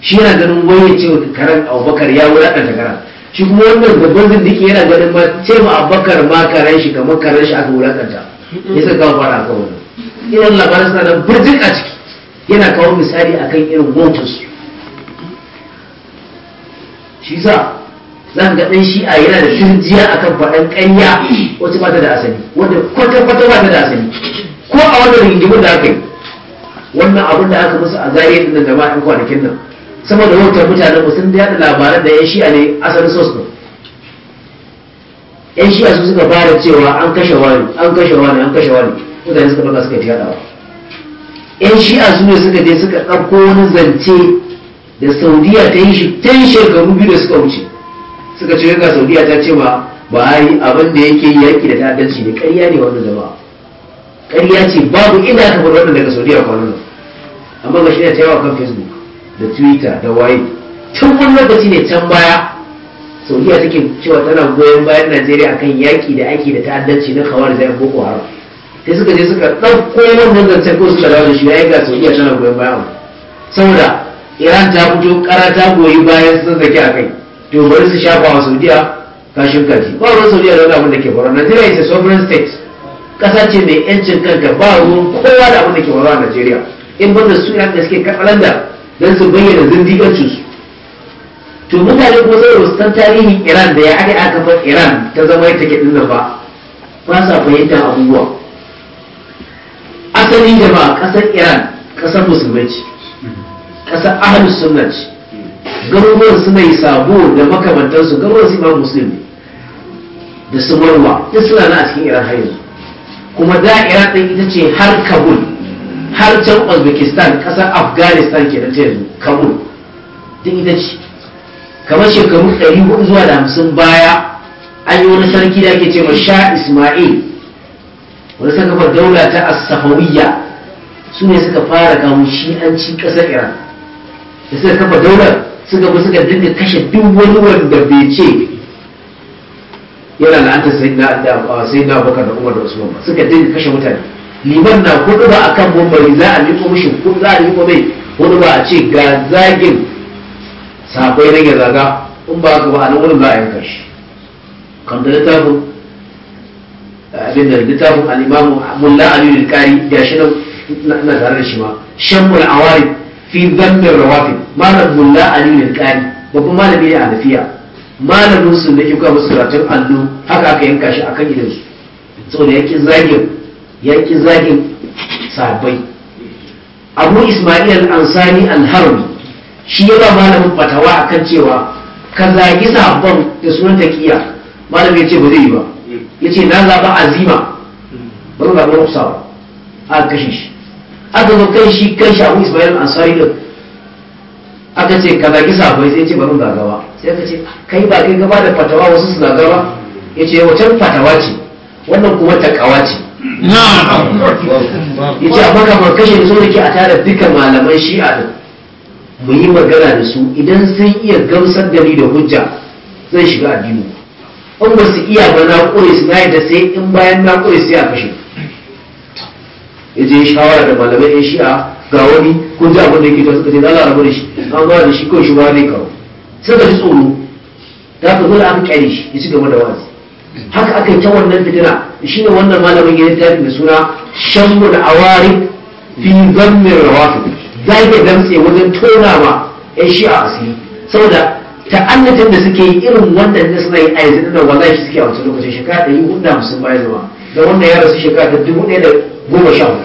shi yana ganin wani ya ce wa karan abubakar ya wulaɗanta karan shi kuma wannan babban zindiki yana ganin ma ce ma abubakar ma karan shi kamar karan shi aka wulaɗanta ya sa kawo fara aka wani irin labarin suna nan a ciki yana kawo misali akan irin motus shi sa zan ga ɗan shi'a yana da shirjiya kan faɗan ƙanya wacce ba ta da asali wanda kwata-kwata ba da asali ko a wannan rigimin da aka yi wannan abin da aka musu a zariya da gaba kwanakin nan saboda wautar mutanen ku sun yada labaran da yan shi'a ne asalin sos ne yan shi'a su suka fara cewa an kashe wani an kashe wani an kashe wani mutane suka baka suka fi yadawa yan shi'a su ne suka je suka ɗauko wani zance da saudiya ta yi shi yi shekaru biyu da suka wuce suka ce ga saudiya ta ce ba ba yi abin da yake yaki da ta'addanci ne ƙarya ne wannan jama'a ƙarya ce babu ina ka faɗi wannan daga saudiya kwanan nan amma ga shi ne ta yawa kan facebook da twitter da waye tun wani lokaci ne can baya saudiya take cewa tana goyon bayan najeriya akan yaƙi da aiki da ta'addanci na kawar da boko haram sai suka je suka ɗauko wannan zancen ko da shi yayin ga saudiya tana goyon bayan saboda iran ta fito ƙara ta goyi bayan sun zaki a kai to bari su shafa wa saudiya kashin kaji ba wani saudiya da wani abin da ke faruwa najeriya ita sovereign state ƙasa ce mai yancin kanta ba ruwan kowa da abin da ke faruwa a najeriya in banda su iran da suke da don su bayyana zindigancin su to mutane kuma sai su san tarihin iran da ya aka aka bar iran ta zama ita ke dinnan ba ba sa fahimtar abubuwa asalin jama'a kasar iran kasar musulunci ƙasar kasar ahalus sunna ce garuruwan suna yi sabo da makamantansu garuruwan su ma musulmi da su marwa duk suna na a cikin iran har yanzu kuma da iran ɗin ita ce har kabul har can uzbekistan kasar afghanistan ke ta yanzu kabul din ita ce kamar shekaru 400 zuwa da hamsin baya an yi wani sarki da ke ce ma sha ismail wani sarkafar daula ta asafawiyya su ne suka fara kamun shi'anci kasar iran da suka kafa daular suka bi suka dinga kashe duk wani wanda bai ce yana la'anta sai na abubakar da umar da usman ba suka dinga kashe mutane liban na kudu ba a kan mumbari za a nufo mushi kun za a nufo mai kudu ba a ce ga zagin sakwai rage zaga in ba ka ba a nan wurin ba a yanka shi kan da littafin eh, abin da littafin al'imamu mulla aliyu kari ya shi na tare da shi ma a awari fi zambin rawafi malam mulla aliyu kari babban malami ne a lafiya malamin sun da ke kwa musu karatun allo haka aka yanka shi a kan gidansu saboda yake zagin ya ki zagin sahabbai abu ismail al ansani al-harbi shi ya ba malamin fatawa akan cewa ka zagi sahabban da sunan taqiya malamin ya ce ba zai yi ba ya ce na zaba azima ba ba ba rusa ba aka kashe shi aka zo kai shi kai shi abu ismail al ansani da aka ce ka zagi sabai sai ya ce ba ba gaba sai aka ce kai ba kai gaba da fatawa wasu su gaba? ya ce wacan fatawa ce wannan kuma takawa ce ya ce amma kamar kashe da sun ke a tare duka malaman shi'a din mu yi magana da su idan sun iya gamsar da ni da hujja zan shiga addini in ba su iya ba na kure su na yadda sai in bayan na kure sai a kashe ya je shawara da malamai yan shi'a ga wani kun ji abin da yake suka ce zala rabu da shi an ba da shi kawai shi ba ne kawo sai ka tsoro ta ka zo da an kyale shi ya ci gaba da wasu haka aka yi ta wannan fitina shi ne wannan malamin ya ta yi suna shambu da awari fi zammin rawafi za ka damtse wajen tona ma shi a asiri saboda ta'annatin da suke yi irin wannan da suna yi a yanzu da wallahi shi suke a wancan lokacin shekara ɗari hudu da hamsin baya zama da wannan ya rasu shekara ta dubu ɗaya da goma sha hudu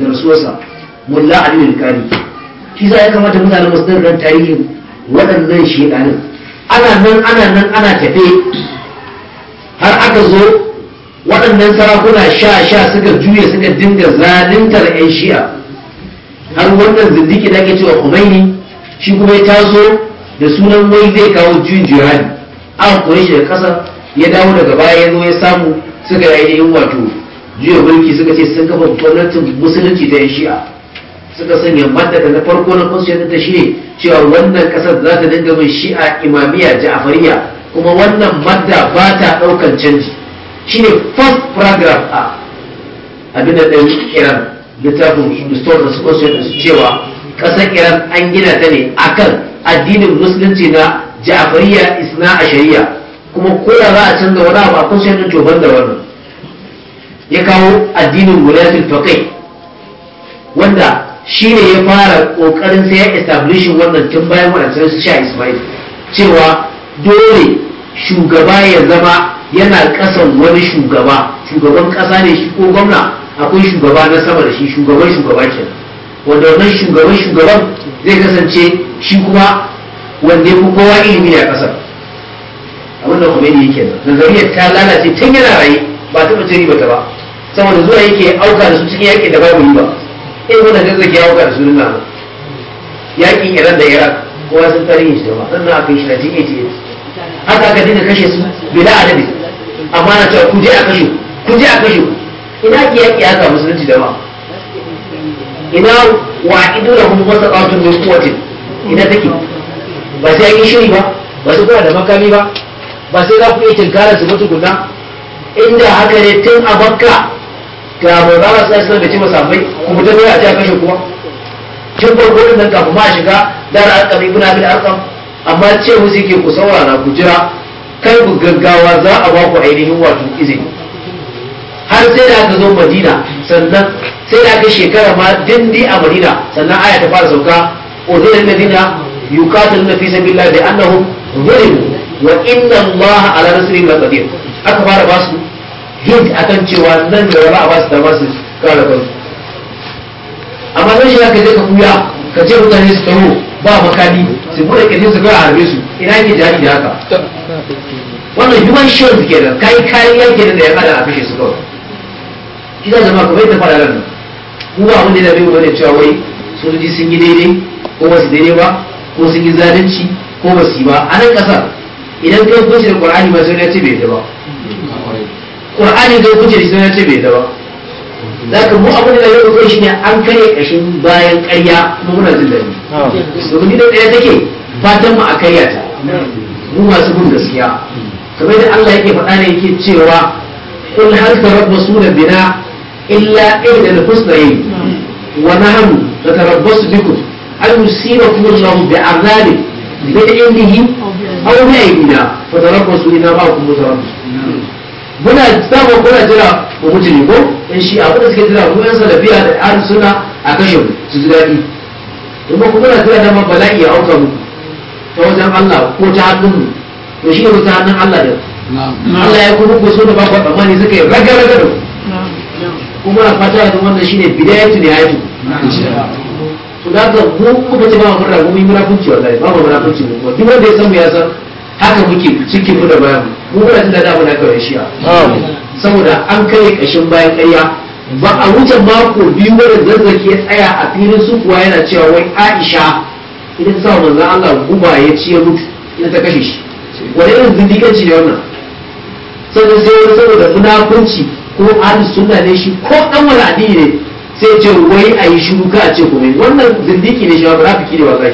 da rasuwarsa mulla aliyu kari shi za ya kamata mutanen masu ran tarihin waɗannan ɗanin ana nan ana nan ana tafe har aka zo waɗannan sarakuna sha sha suka juya suka dinga zalintar 'yan shi'a har wannan zindiki da ake cewa kumaini shi kuma ya taso da sunan wai zai kawo juyin jihadi an kore shi da ƙasa ya dawo daga baya ya zo ya samu suka yi yin wato juya mulki suka ce sun kafa gwamnatin musulunci ta 'yan shi'a suka sanya da na farko na constitution ta ne, cewa wannan ƙasar za ta dinga mai shi'a imamiyya ja'afariya kuma wannan madda ba ta ɗaukar canji shine first paragraph a abin da ɗari iran littafin hindustan da suka da cewa ƙasar iran an gina ta ne akan addinin musulunci na ja'afariya isna a shari'a kuma koda za a canza wani abu a kusurin toban da wannan ya kawo addinin wulatul faqih wanda shi ne ya fara kokarin sai ya establishin wannan tun bayan wadansu su sha ismail cewa dole shugaba ya zama yana ƙasan wani shugaba shugaban ƙasa ne shi ko gwamna akwai shugaba na sama da shi shugaban shugaba ke. wanda wannan shugaban shugaban zai kasance shi kuma wanda ya fi kowa ilimi ne a ƙasar abin da kuma yake nan nazariyar ta lalace tun yana raye ba taɓa cin riba ta ba saboda zuwa yake auka da su cikin yaƙi da babu yi ba in wannan zai auka da su nuna yaƙin iran da iran kowa sun tarihin shi da ba sannan a kai shi na ce haka aka dinga kashe su bila adabi amma na cewa ku je a kashe ku je a kashe ina kiyaki haka musulunci da dama? ina wa wa'idu lahum wasaqatun min quwwatin ina take ba sai yi shiri ba ba sai kuma da makami ba ba sai za ku iya tinkara su mutu guda inda haka ne tun a bakka ga manzara sai sai da ci masabai ku mutane a ta kashe kuma tun farko din nan kafin ma shiga dara alƙami bi da arqam amma ce musu suke ku saurara ku jira kai ku gaggawa za a ba ku ainihin wato izini har sai da aka zo madina sannan sai da aka shekara ma dindi a madina sannan aya ta fara sauka udurin madina na fi sabilillah bi annahum zulimu wa inna allaha ala nasrihim laqadir aka fara ba su hint akan cewa nan da ba a ba su dama su kara kansu amma sai shi ka je ka kuya ka ce mutane su taho ba makami su bude kirjin su kawai a harbe su ina yake jari da haka wannan human shield ke da kai kayan yanke da ya kada a kashe su kawai ina zama kuma ita fara nan kuma wanda da bai wani cewa wai sojoji sun yi daidai ko ba su daidai ba ko sun yi zalunci ko ba su yi ba a nan kasar idan kai kunshi da qur'ani ba sai ya ce bai da ba qur'ani kai kunshi da sai ya ce bai da ba zaka mu abu da yau kai ne an kare kashin bayan ƙarya kuma muna jin daɗi domin gidan da ya take fatan mu a karya ta mu masu bin gaskiya kamar da Allah yake faɗa ne yake cewa kul hal tarabbasu da bina illa ɗaya da ihda da husnayn wa na da natarabbasu bikum an yi da bi yusibakum Allah bi'adhab min indihi aw min aydina fatarabbasu ina ba'akum mutarabbasu muna dama kuna jira mu mutu ne ko in shi abin da suke jira mu yan salafiya da ahlus sunna a kashe su ji daɗi kuma ku kuna tura dama bala'i ya auka muku ta wajen Allah ko ta hannun mu to shi ne ta hannun Allah da Allah ya kuma ku so da ba amma ne suka yi raga da ku kuma na fata da wannan ne bidayatu ne hayatu to da ka mu kuma ce ba mu ragu mu munafunci wallahi ba mu munafunci mu duk wanda ya san mu ya san haka muke cikin mu da bayan mu na ba da dama na kawai a. saboda an kai kashin bayan ƙarya ba a wuce mako biyu wadda zazzaki ya tsaya a filin kuwa yana cewa wai aisha ita ta sa manzan Allah guba ya ci ya mutu ina ta kashe shi wani irin ci ne wannan sannan sai wani saboda munafunci ko an suna ne shi ko dan wani addini ne sai ce wai a yi shiru ka a ce kuma wannan zindiki ne shi ba munafiki ne ba kai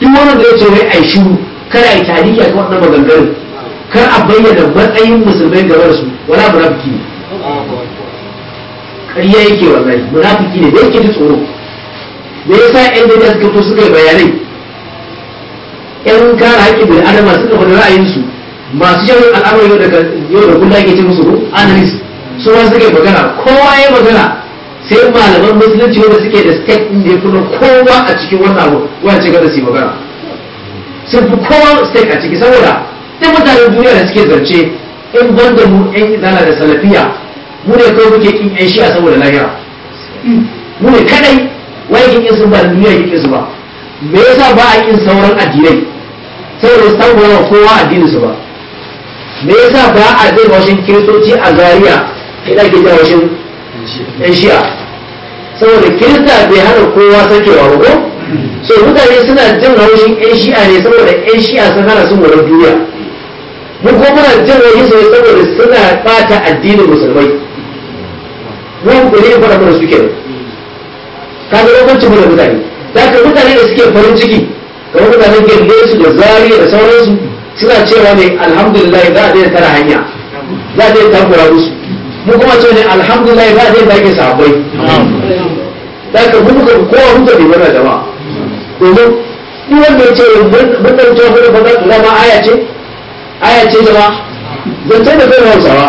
duk wannan da ya ce wai a yi shiru kada a yi tarihi a kan wannan maganganun kar a bayyana matsayin musulmai game da su wala munafiki ne ƙarya yake zai munafiki ne da yake ji tsoro me yasa yan gani suka fito suka yi bayanai yan kare haƙƙin adam adama suka da ra'ayinsu masu shan al'amari yau da yau da kullum ake ce musu analyst su ma suka yi magana kowa ya magana sai malaman musulunci wanda suke da state ɗin da ya kuma kowa a cikin wannan abu wani ce gada su yi magana sun fi kowa state a ciki saboda duk mutanen duniya da suke zance in ban da mu yan izala da salafiya mu ne kawai muke kin yan shi'a saboda lahira mu ne kadai wai kin yin su ba duniya kin su ba me yasa ba a kin sauran addinai saboda saboda kowa addinin su ba me yasa ba a zai washin kiristoci a zaria kai da ke ta washin yan shi'a saboda kirista bai hana kowa sakewa ba ko so mutane suna jin haushin yan shi'a ne saboda yan shi'a sun hana su morar duniya mu kuma muna jin haushin su saboda suna bata addinin musulmai mu ku ne fara fara suke ka ga lokacin mu da mutane da ka mutane da suke farin ciki kamar mutanen gelle su da zariya da sauransu suna cewa ne alhamdulillah za a daina tara hanya za a daina takura musu mu kuma cewa ne alhamdulillah za a daina take sabai da ka mu muka kowa muka ne wannan jama'a domin ni wanda ya ce mun da mutuwa kuma fata zama aya ce aya ce jama'a zance da zai hausawa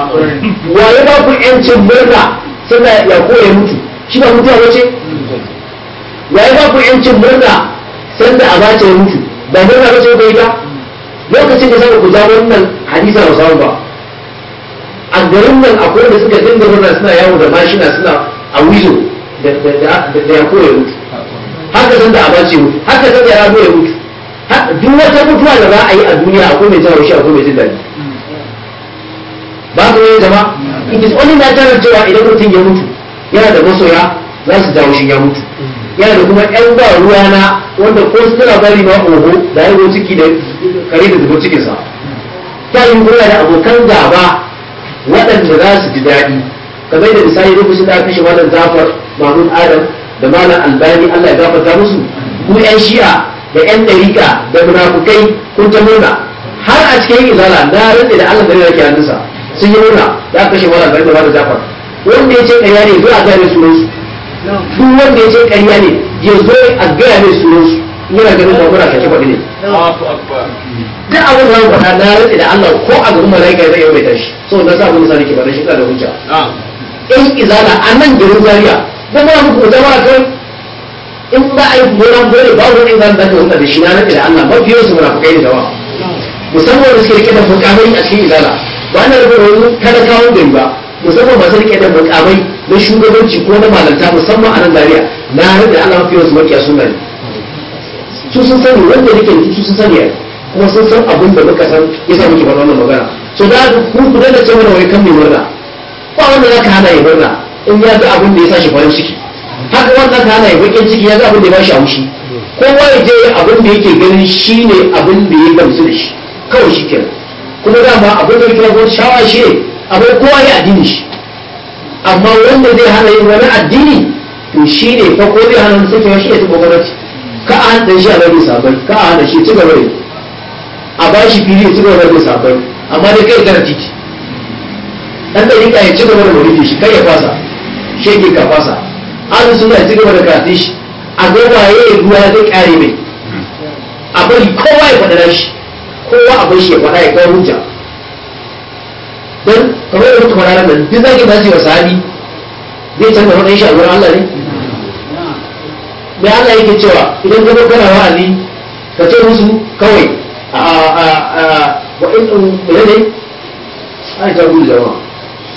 waye ba ku yancin murna sannan ya koya ya mutu shi ba mutuwa ba ya yi ba ku yancin murna sanda a bace ya mutu ba murna ba ce ba ita lokacin da saka ku ja wannan hadisa ba samu ba a garin nan akwai da suka dinga murna suna yawo da mashina suna a wizo da ya koya ya mutu haka sanda a bace mutu haka sanda ya ko ya mutu duk wata mutuwa da za a yi a duniya akwai mai ta shi akwai mai jin daɗi ba su yi jama'a it is only of cewa idan mutum ya mutu yana da masoya za su dawo shi ya mutu yana da kuma yan ba ruwa na wanda ko su tana bari ma oho da yaro ciki da kare da zubar cikinsa ta yi gura da abokan gaba waɗanda za su ji daɗi kamar da misali lokacin da aka shi malam zafar mahmud adam da malam albani allah ya gafarta musu ku yan shi'a da yan ɗarika da munafukai kun ta murna har a cikin izala na rantse da allah gari da ke hannunsa sun yi murna za ka kashe mara garin da wani zafar wanda ya ce ƙarya ne zuwa a gaya mai sunansu duk wanda ya ce ƙarya ne ya zo a gaya mai sunansu muna ganin ba muna kake faɗi ne Da abin da faɗa na rantsi da Allah ko a garin malaika zai yau mai tashi so na sa mun sani ke ba da shi da hujja in izala a nan garin zaria ko muna muku jama'a kai in ba a yi moran gore ba wani izala da ta da shi na rantsi da Allah mafiyansu muna fukai da dawa musamman da suke rike da fukamai a cikin izala ba na rufe wani talakawan gari ba musamman masu rike da mukamai na shugabanci ko na malanta musamman a nan dariya na rage Allah mafi wasu makiya sun gari su sun sani wanda rike su sun sani kuma sun san abin da muka san ya sa muke wannan magana so da ku kuku da cewa wai kan mai murna ba wanda za ka hana ya murna in ya ga abin da ya sa shi farin ciki haka wanda ka hana ya bakin ciki ya ga abin da ya ba shi haushi kowa ya je abin da yake ganin shine abin da ya gamsu da shi kawai shi kenan kuma dama abin da kira ko shawa shi ne abin kowa ya addini shi amma wanda zai hana yin wani addini to shi ne fa ko zai hana sai sakewa shi ne tuba gwamnati ka a hana shi a rage sabai ka a hana shi ci gaba da a ba shi fili ci gaba da sabai amma dai kai kana titi dan da rika ya ci gaba da mulki shi kai ya fasa ke ka fasa an suna ya ci gaba da karatun shi a gaba ya yi ruwa zai kare mai a bari kowa ya faɗa shi kowa akwai shi ya faɗa ya kawo hujja don kamar da muka faɗa nan duk zaki ba wa sahabi zai canza faɗin shi a wurin Allah ne Mai Allah yake cewa idan ka zo kana wa'azi ka ce musu kawai a a a wa in ne ai ta gudu jama'a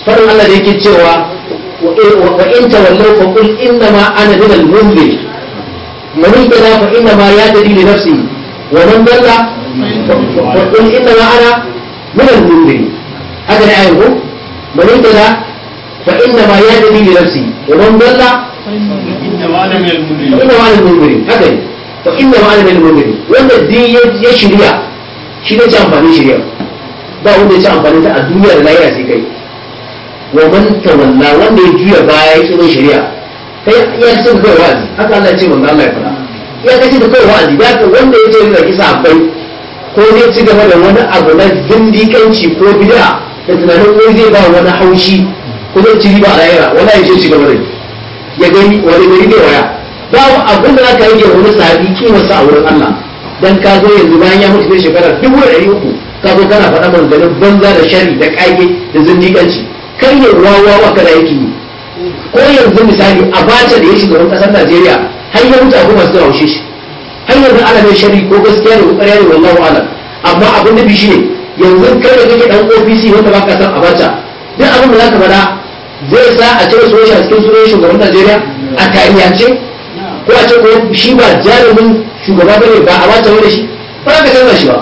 faɗin Allah da yake cewa wa in tawallaw fa qul inna ma ana min al-munzir man ihtada fa inna ma yatadi li nafsi wa man dalla وقل إنما أنا من المنذرين هذا نعيه من اهتدى فإنما يهتدي لنفسه ومن ضل فإنما أنا من المنذرين فإنما فإنما أنا من المنذرين وأن الدين يشريع shi ne ci ba wanda ya ci amfani ta a duniya da lahira sai kai wa man tawalla wanda ya juya baya ya tsirin shari'a kai ya ce kai wa'azi haka Allah ya ce manzo Allah ya fara ya kace da kai wa'azi da wanda ya ce ina kisa abai ko zai ci gaba da wani abu na zindikanci ko bid'a da tunanin ko zai ba wani haushi ko zai ci riba a lahira wani ya ce ci gaba da ya gani wani gari da waya babu abin da aka rage wani sahabi kimarsa a wurin Allah dan ka zo yanzu bayan ya mutu shekara dubu da ɗari uku ka zo kana faɗa maganganun banza da shari da ƙage da zindikanci kar ya wawa kada yake yi ko yanzu misali a bace da ya wani ƙasar Najeriya har ya mutu abu masu haushe shi har yanzu ana mai shari ko gaskiya ne ƙarya ne wallahu amma abin da bishi ne yanzu kai da kake dan ofc wanda baka san abacha duk abin da zaka bada zai sa a cire sunan shi a cikin shugaban Najeriya a tarihance ko a ce ko shi ba jarumin shugaba ne? ba abacha wani shi ba ka canza shi ba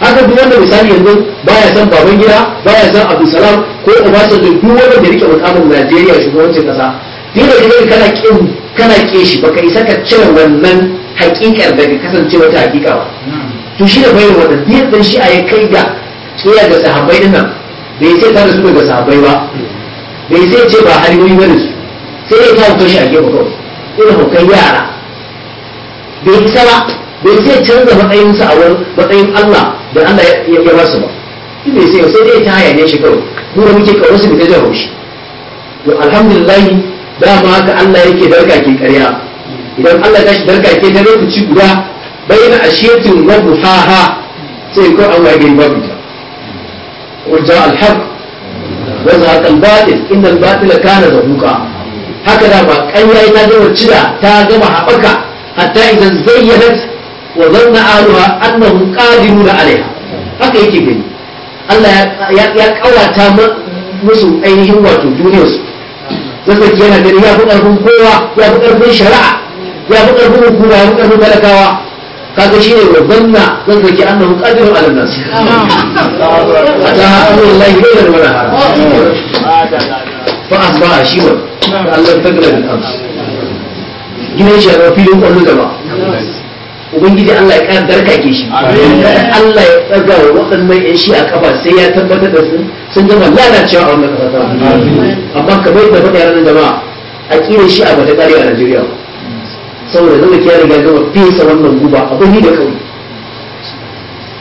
haka duk wanda misali yanzu baya san baban gida baya san abdulsalam ko obasanjo duk wanda da rike mukamin najeriya shugabancin kasa duk da kai kana kin kana ke shi ka isa ka cire wannan hakikar da ka kasance wata hakika ba hmm. to shi da bayan wanda biyar da shi a ya kai ga tsira ga sahabbai din nan bai sai ta da su ga sahabbai ba bai sai ce ba hanyoyi ba da su sai ya kawo shi a gefe kawai irin haukan yara bai isa ba bai sai canza matsayinsa a wani matsayin Allah da Allah ya ba su ba bai sai sai dai ta hayane shi kawai mu muke kawo su bi ta jan haushi to alhamdulillah dama haka Allah yake darka ke karya idan Allah ta shi barkake na lokaci guda bayyana ashiyatin wa haha sai ko an waye gari babu ta wajja al-haq wa batil inna batila kana zahuqa haka da ba kanya ta gama cida ta gama haɓaka hatta idan zayyanat wa zanna aluha annahum qadiruna alaiha haka yake gani Allah ya kawata musu ainihin wato duniyarsu zazzaki yana da ya fi ƙarfin kowa ya fi ƙarfin shari'a ya fi ƙarfin hukuma ya fi ƙarfin talakawa kaga shi ne babban na zan zaki an nahu ƙadiru alam nasi a ta haɗu wallahi bai da wani hara fa ba a shi wa Allah ta gina da amsa gina shi a filin ƙwallo da ba ubangiji Allah ya ƙara ke shi Allah ya tsaga wa waɗannan yan shi a kafa sai ya tabbatar da su sun gama lalacewa a wannan ƙasa amma kamar da faɗa ranar jama'a a ƙira shi a bata ƙari a Najeriya saboda zama ya riga zama fesa wannan guba a kuma da kawai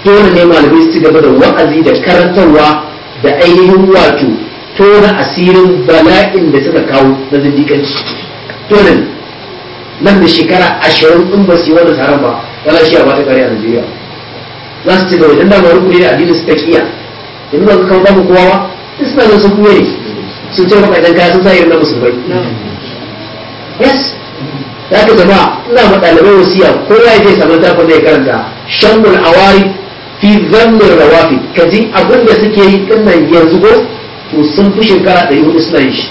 dole ne malamai su gaba da wa'azi da karantarwa da ainihin wato tona asirin bala'in da suka kawo na zindikanci dole nan da shekara ashirin in ba su yi wani taron ba yana shi a mata kare a Najeriya za su ci gaba idan damar rukuni da addinin su ta kiya yanzu ba su kawo babu kowa ba in suna zan sun kuwa ne sun ce maka idan kaya sun sa irin na musulmai yes za ka jama'a ina ma ɗalibai wasiya ko ya je samu zafin zai karanta shammul awari fi zannin rawafi ka ji abin da suke yi ɗinnan yanzu ko to sun fi shekara ɗari hudu suna yi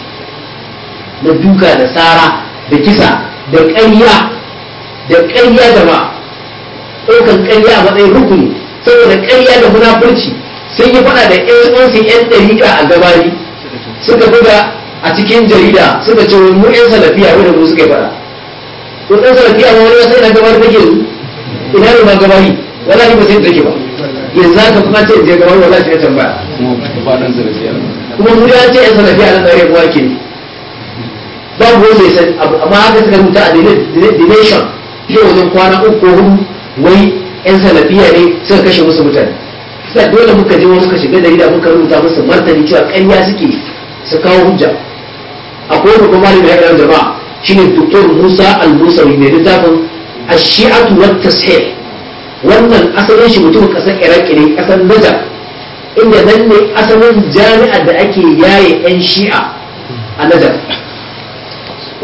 na duka da tsara da kisa da ƙarya da ƙarya ma ɗaukan ƙarya a matsayin rukuni saboda ƙarya da munafurci sun yi faɗa da ƴan uwansu ƴan ɗarika a gabari suka buga a cikin jarida suka ce mu ƴan salafiya wanda mu suka yi faɗa to ɗan sarki a wani wasu ina gabar take ina ne ma gabari wala ni ba sai take ba yanzu za ka kuma ce je gabar wala sai tambaya kuma mu ya ce ɗan sarki a nan ɗare kuwa ke ba wanda ya sai amma haka suka mutu a dilation yau wajen kwana uku ko hudu wai yan salafiya ne suka kashe musu mutane sai dole muka je muka shiga da gida muka rubuta musu martani cewa ƙarya suke su kawo hujja akwai wani kuma malami ya jama'a shine doktor Musa al-Musawi mai littafin Ash-Shi'atu wat Tashih wannan asalin shi mutumin kasar Iraki ne kasar Najd inda nan ne asalin jami'ar da ake yaye yan Shi'a a Najd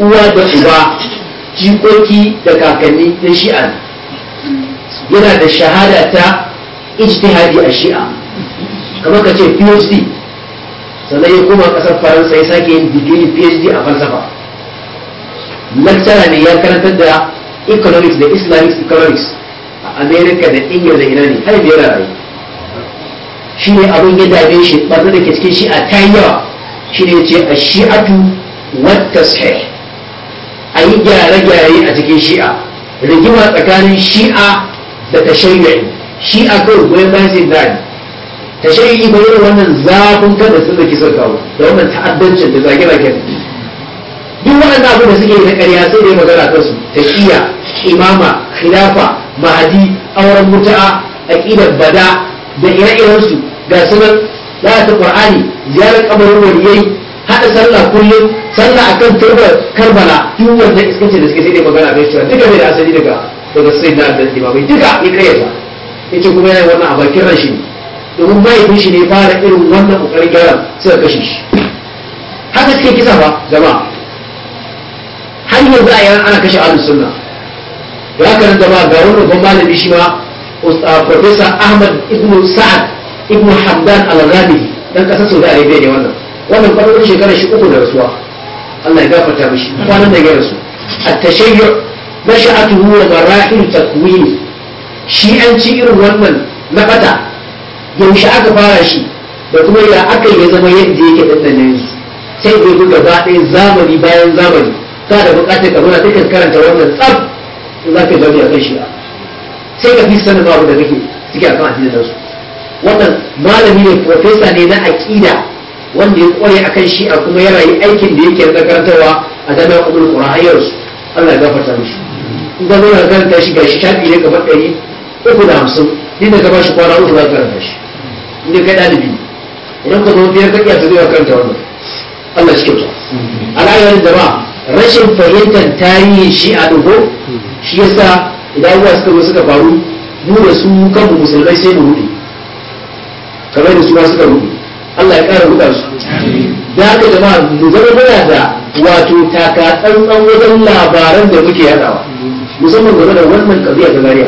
uwa da uba jikoki da kakanni na Shi'a yana da shahada ta ijtihadi a Shi'a kamar ka ce PhD sannan ya koma kasar Faransa ya sake yin digiri PhD a falsafa lecture ne ya karantar da economics da islamic economics a america da ingila da ina ne har biyar rayu shi ne abin ya dame shi ɓarnar da ke cikin shi a ta yawa shi ne ce a shi'atu wata sahih a yi gyare-gyare a cikin shi'a rigima tsakanin shi'a da tashayyari shi'a kawai goyon bayan sai da tashayyari ba yana wannan zafin kan da da da wannan ta'addancin da zage-zagen duk waɗannan abu da suke na ƙarya sai dai magana ta shiya imama khilafa mahadi auren mutu'a aƙidar bada da ire su. ga sunan za ta qur'ani ziyarar kabarin waliyai haɗa sallah kullum sallah akan turbar karbala duk wanda iskanci da suke sai dai magana ta su duka bai da asali daga daga sai da da imamai duka ya kai ba yace kuma yana wannan a rashin domin mahaifin shi ne fara irin wannan kokarin gyara suka kashe shi haka suke kisa ba jama'a har yanzu a yaran ana kashe ahlus sunna ya kan zama ga wani malami shi ma professor Ahmad ibn Sa'ad ibn Hamdan al-Ghani dan kasar Saudi Arabia ne wannan wannan farkon shekarar shi uku da rasuwa Allah ya gafarta mishi kwanan da ya rasu at-tashayyu nasha'atuhu wa marahil takwini shi an ci irin wannan na bata yaushe aka fara shi da kuma ya aka ya zama yadda yake dandanin sai da gaba ɗaya zamani bayan zamani ta da bukatar ka muna sai karanta wannan tsab za ka zauna a kan shi'a sai ka fi sanin babu da kake suke akan addinin su wannan malami ne profesa ne na aƙida wanda ya kware akan shi'a kuma yana yi aikin da yake na karantarwa a jami'ar umul qur'aniyar su Allah ya gafarta mishi in ka zauna karanta shi ga shi shafi ne kamar ɗari uku da hamsin ni da ka shi kwana uku za ka karanta shi inda kai ɗalibi idan ka zo biyar ka iya ta zai karanta wannan Allah shi kyauta al'ayyar jama'a rashin fahimtar tarihin shi a dubo shi yasa idan abubuwa suka zo suka faru mu da su kanmu musulmai sai mu rude kamar da su ma suka rude Allah ya kara ruda su da haka jama'a mu zama muna da wato taka tsantsan wajen labaran da muke yadawa musamman game da wannan kabiya ta zariya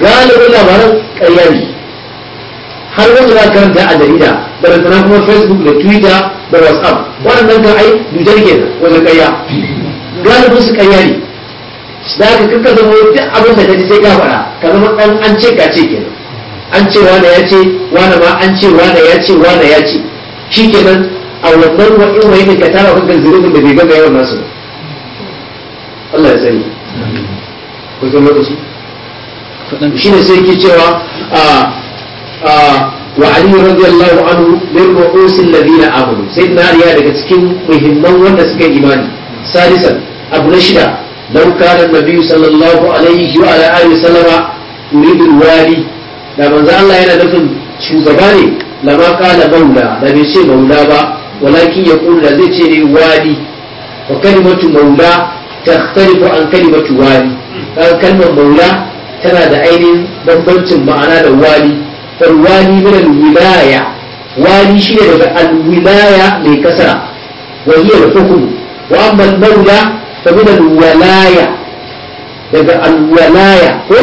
galibin labaran ƙarya ne har wanda za ka karanta a jarida balantana kuma facebook da twitter da whatsapp waɗannan kan ai dujar kenan wani ƙarya galibin su ƙarya ne da ka kakka zama duk abin da kaji sai ka faɗa ka zama ɗan an ce ka ce kenan an ce wane ya ce wane ma an ce wane ya ce wane ya ce shi kenan a wannan wa'in wa'in da ka tara kanka zurubin da bai gama yawan nasu ba Allah ya tsari ku zama lokaci shi ne sai ke cewa a وعلي رضي الله عنه من رؤوس الذين آمنوا سيدنا علي daga cikin muhimman wanda suka yi imani salisan abu na shida law kana annabi sallallahu alaihi wa ala alihi sallama yuridu da manzo Allah yana nufin shugaba ne lama kana maula da bai ce maula ba walakin ya kula zai ce ne wali wa kalimatu maula takhtalifu an kalimatu wali kalmar maula tana da ainihin bambancin ma'ana da wali Wani shi ne daga al والوالي من الولاية والي da الولاية من كسرة وهي الحكم وأما المولى فمن الولاية daga alwalaya ko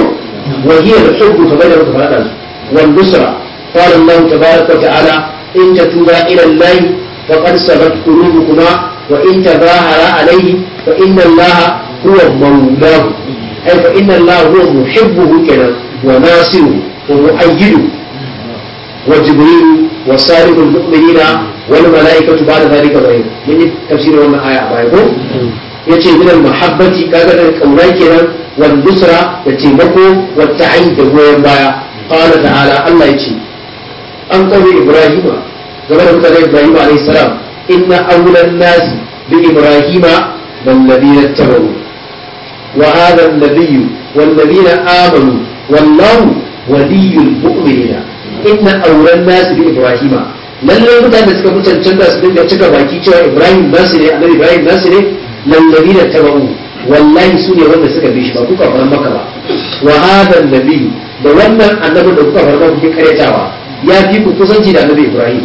wahiyar hubbu kamar da muka faɗa da wal nusra qala Allah tabaraka wa ta'ala in tatuba ila Allah wa qad sabat qulubukuma wa in tabahara alayhi fa inna Allah huwa mawlahu ay fa inna Allah huwa muhibbuhu kana wa nasiruhu wa mu'ayyiduhu وجبريل وسالك المؤمنين والملائكة بعد ذلك ظهير من تفسير وانا آية بايكو يتي من المحبة كاغا كونايكنا والنصرة يتي مكو والتعين دبوين بايا قال تعالى الله يتي أن قوم إبراهيم زمان متى إبراهيم عليه السلام إن أولى الناس بإبراهيم والذين اتبعوا وهذا النبي والذين آمنوا والله ولي المؤمنين inna auren nasu bi ibrahima lallai mutane da suka fi cancanta su dinga cika baki cewa ibrahim nasu ne annabi ibrahim nasu ne lallabi da tabaru wallahi su ne wanda suka bi shi ba kuka faran maka ba wa hadan nabi da wannan annabin da kuka faran kuke karyatawa ya fi ku kusanci da annabi ibrahim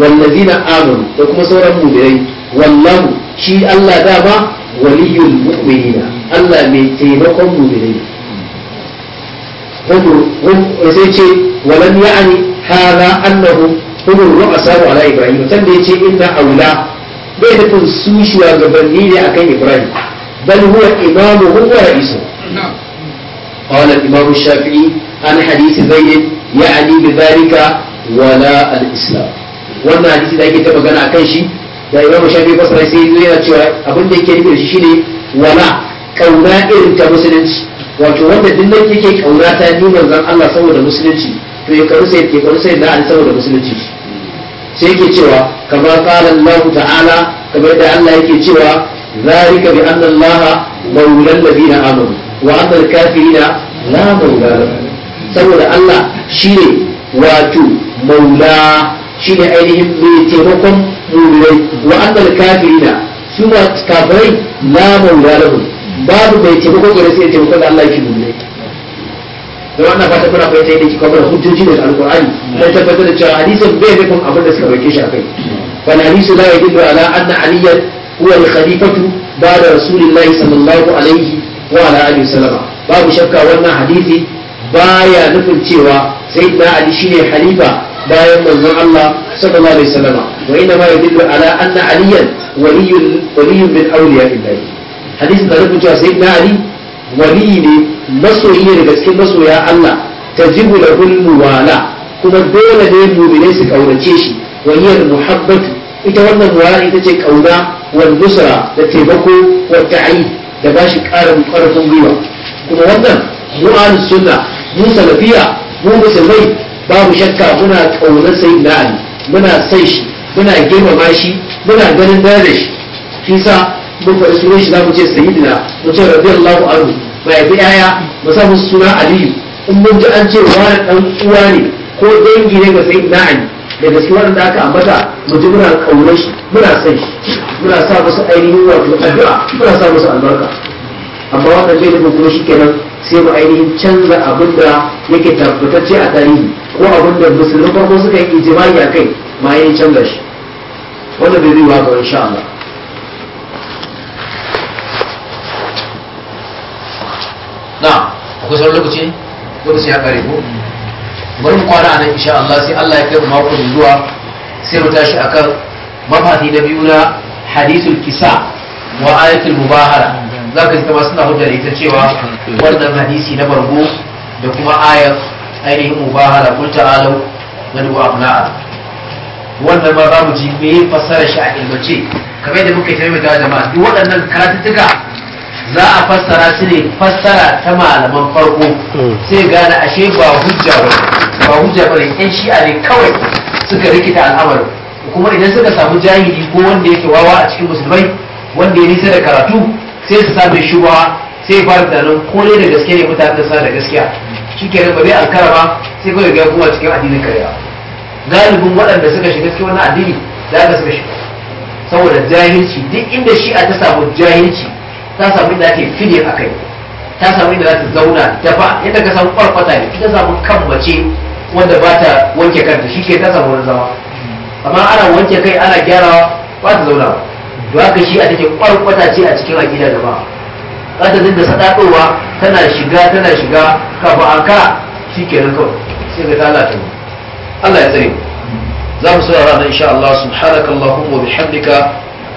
wallazina amanu da kuma sauran mu'minai wallahu shi Allah ba waliyul mu'minina Allah mai taimakon mu'minai Eh, sai ce walam ya'ani hada annahu hum ru'asa ala ibrahim san da yace inna aula bai kun su shugabanni ne akan ibrahim bal huwa imamuhum wa ra'isu قال الإمام الشافعي عن حديث زيد يعني بذلك ولا الإسلام wannan hadisi da ake ta magana akan shi da imam shafi'i basra sai yana cewa abin da yake nufi shi shine wala kauna irin ta musulunci wato wanda duk nan yake kauna ta ni manzon Allah saboda musulunci to ya karu sai ke karu sai da an saboda musulunci sai yake cewa kamar qala Allah ta'ala kamar da Allah yake cewa zalika bi anna Allah mawla alladhina amanu wa anna al-kafirina la mawla saboda Allah shine wato maula shine ainihin mai taimakon mulai wa anna al-kafirina su ma kafirai la maula lahum babu bai taimako gore sai taimako da Allah yake mummunai don wannan fata kuna fahimta yadda kika bar hujjoji daga alqur'ani dan tabbatar da cewa hadisin bai nufin abin da suka bauke shi kai. wal hadisu la yadullu ala anna aliyan huwa al-khalifatu Ba da rasulillahi sallallahu alaihi wa ala alihi salama. babu shakka wannan hadisi baya nufin cewa sayyidina ali shine khalifa bayan manzon Allah sallallahu alaihi wasallam wa inna ma yadullu ala anna aliyan waliyyun waliyyun min awliya illahi hadisi da rubuta cewa sai na ali ne masoyi ne daga cikin masoya Allah tajibu lahul muwala kuma dole ne mu'minai su kaurace shi wa hiya muhabbatu ita wannan muwala ita ce kauna wal nusra da taimako wa ta'ayi da ba shi ƙarin ƙarfin gwiwa kuma wannan mu ahlus sunna mu salafiya mu musulmai babu shakka muna kaunar sayyidina ali muna san shi muna girmama shi muna ganin dare shi shi sa mun faɗi sunan shi za mu ce sayyidina mu ce radiyallahu anhu ba ya fi yaya mu sa musu suna aliyu in mun ji an ce wani ɗan uwa ne ko dangi ne ga sayyidina ali da gaske da aka ambata mu ji muna kaunar shi muna san shi muna sa musu ainihin wato addu'a muna sa musu albarka amma wannan bai da kuma shi kenan sai mu ainihin canza abinda da yake tabbatacce a tarihi ko abin da musulman suka yi ijimai a kai ma ainihin canza shi wannan bai zai wa ga insha Allah akwai sauran lokaci wanda sai ya kare ko bari mu kwana nan insha Allah sai Allah ya kai mu mako zuwa sai mu tashi akan mafati na biyu na hadithul kisa wa ayatul mubahara zaka ji kamar suna hujja da ita cewa wannan hadisi na bargo da kuma ayat ainihin mubahara kul ta'alu nadu abna'a wannan ma za mu ji me fassara shi a ilmace kamar yadda muka yi ta mai jama'a duk waɗannan karatuttuka za a fassara su ne fassara ta malaman farko hmm. sai gane ashe ba hujja ba ba hujja ba yan shi'a ne kawai suka rikita al'amarin kuma idan suka samu jahili ko wanda yake wawa a cikin musulmai wanda ya nisa da karatu sai su sami shuwa sai fara da nan ko da gaske ne mutane da da gaskiya ke ba zai ankara ba sai kawai ga kuma cikin addinin karya galibin waɗanda suka shiga cikin wannan addini da aka suka shiga saboda jahilci duk inda shi'a ta samu jahilci ta samu inda ake fide a kai ta samu inda za ta zauna ta ba yadda ka samu kwarkwata ne ita samu kan mace wanda ba ta wanke kanta shi ke ta samu wani zama amma ana wanke kai ana gyarawa ba ta zauna ba ka shi a take kwarkwata ce a cikin aƙida da ba za ta dinga sadadowa tana shiga tana shiga kafa ka shi nan kawai sai ga ta lalata Allah ya tsare za mu saurara nan insha Allah subhanakallahumma wa bihamdika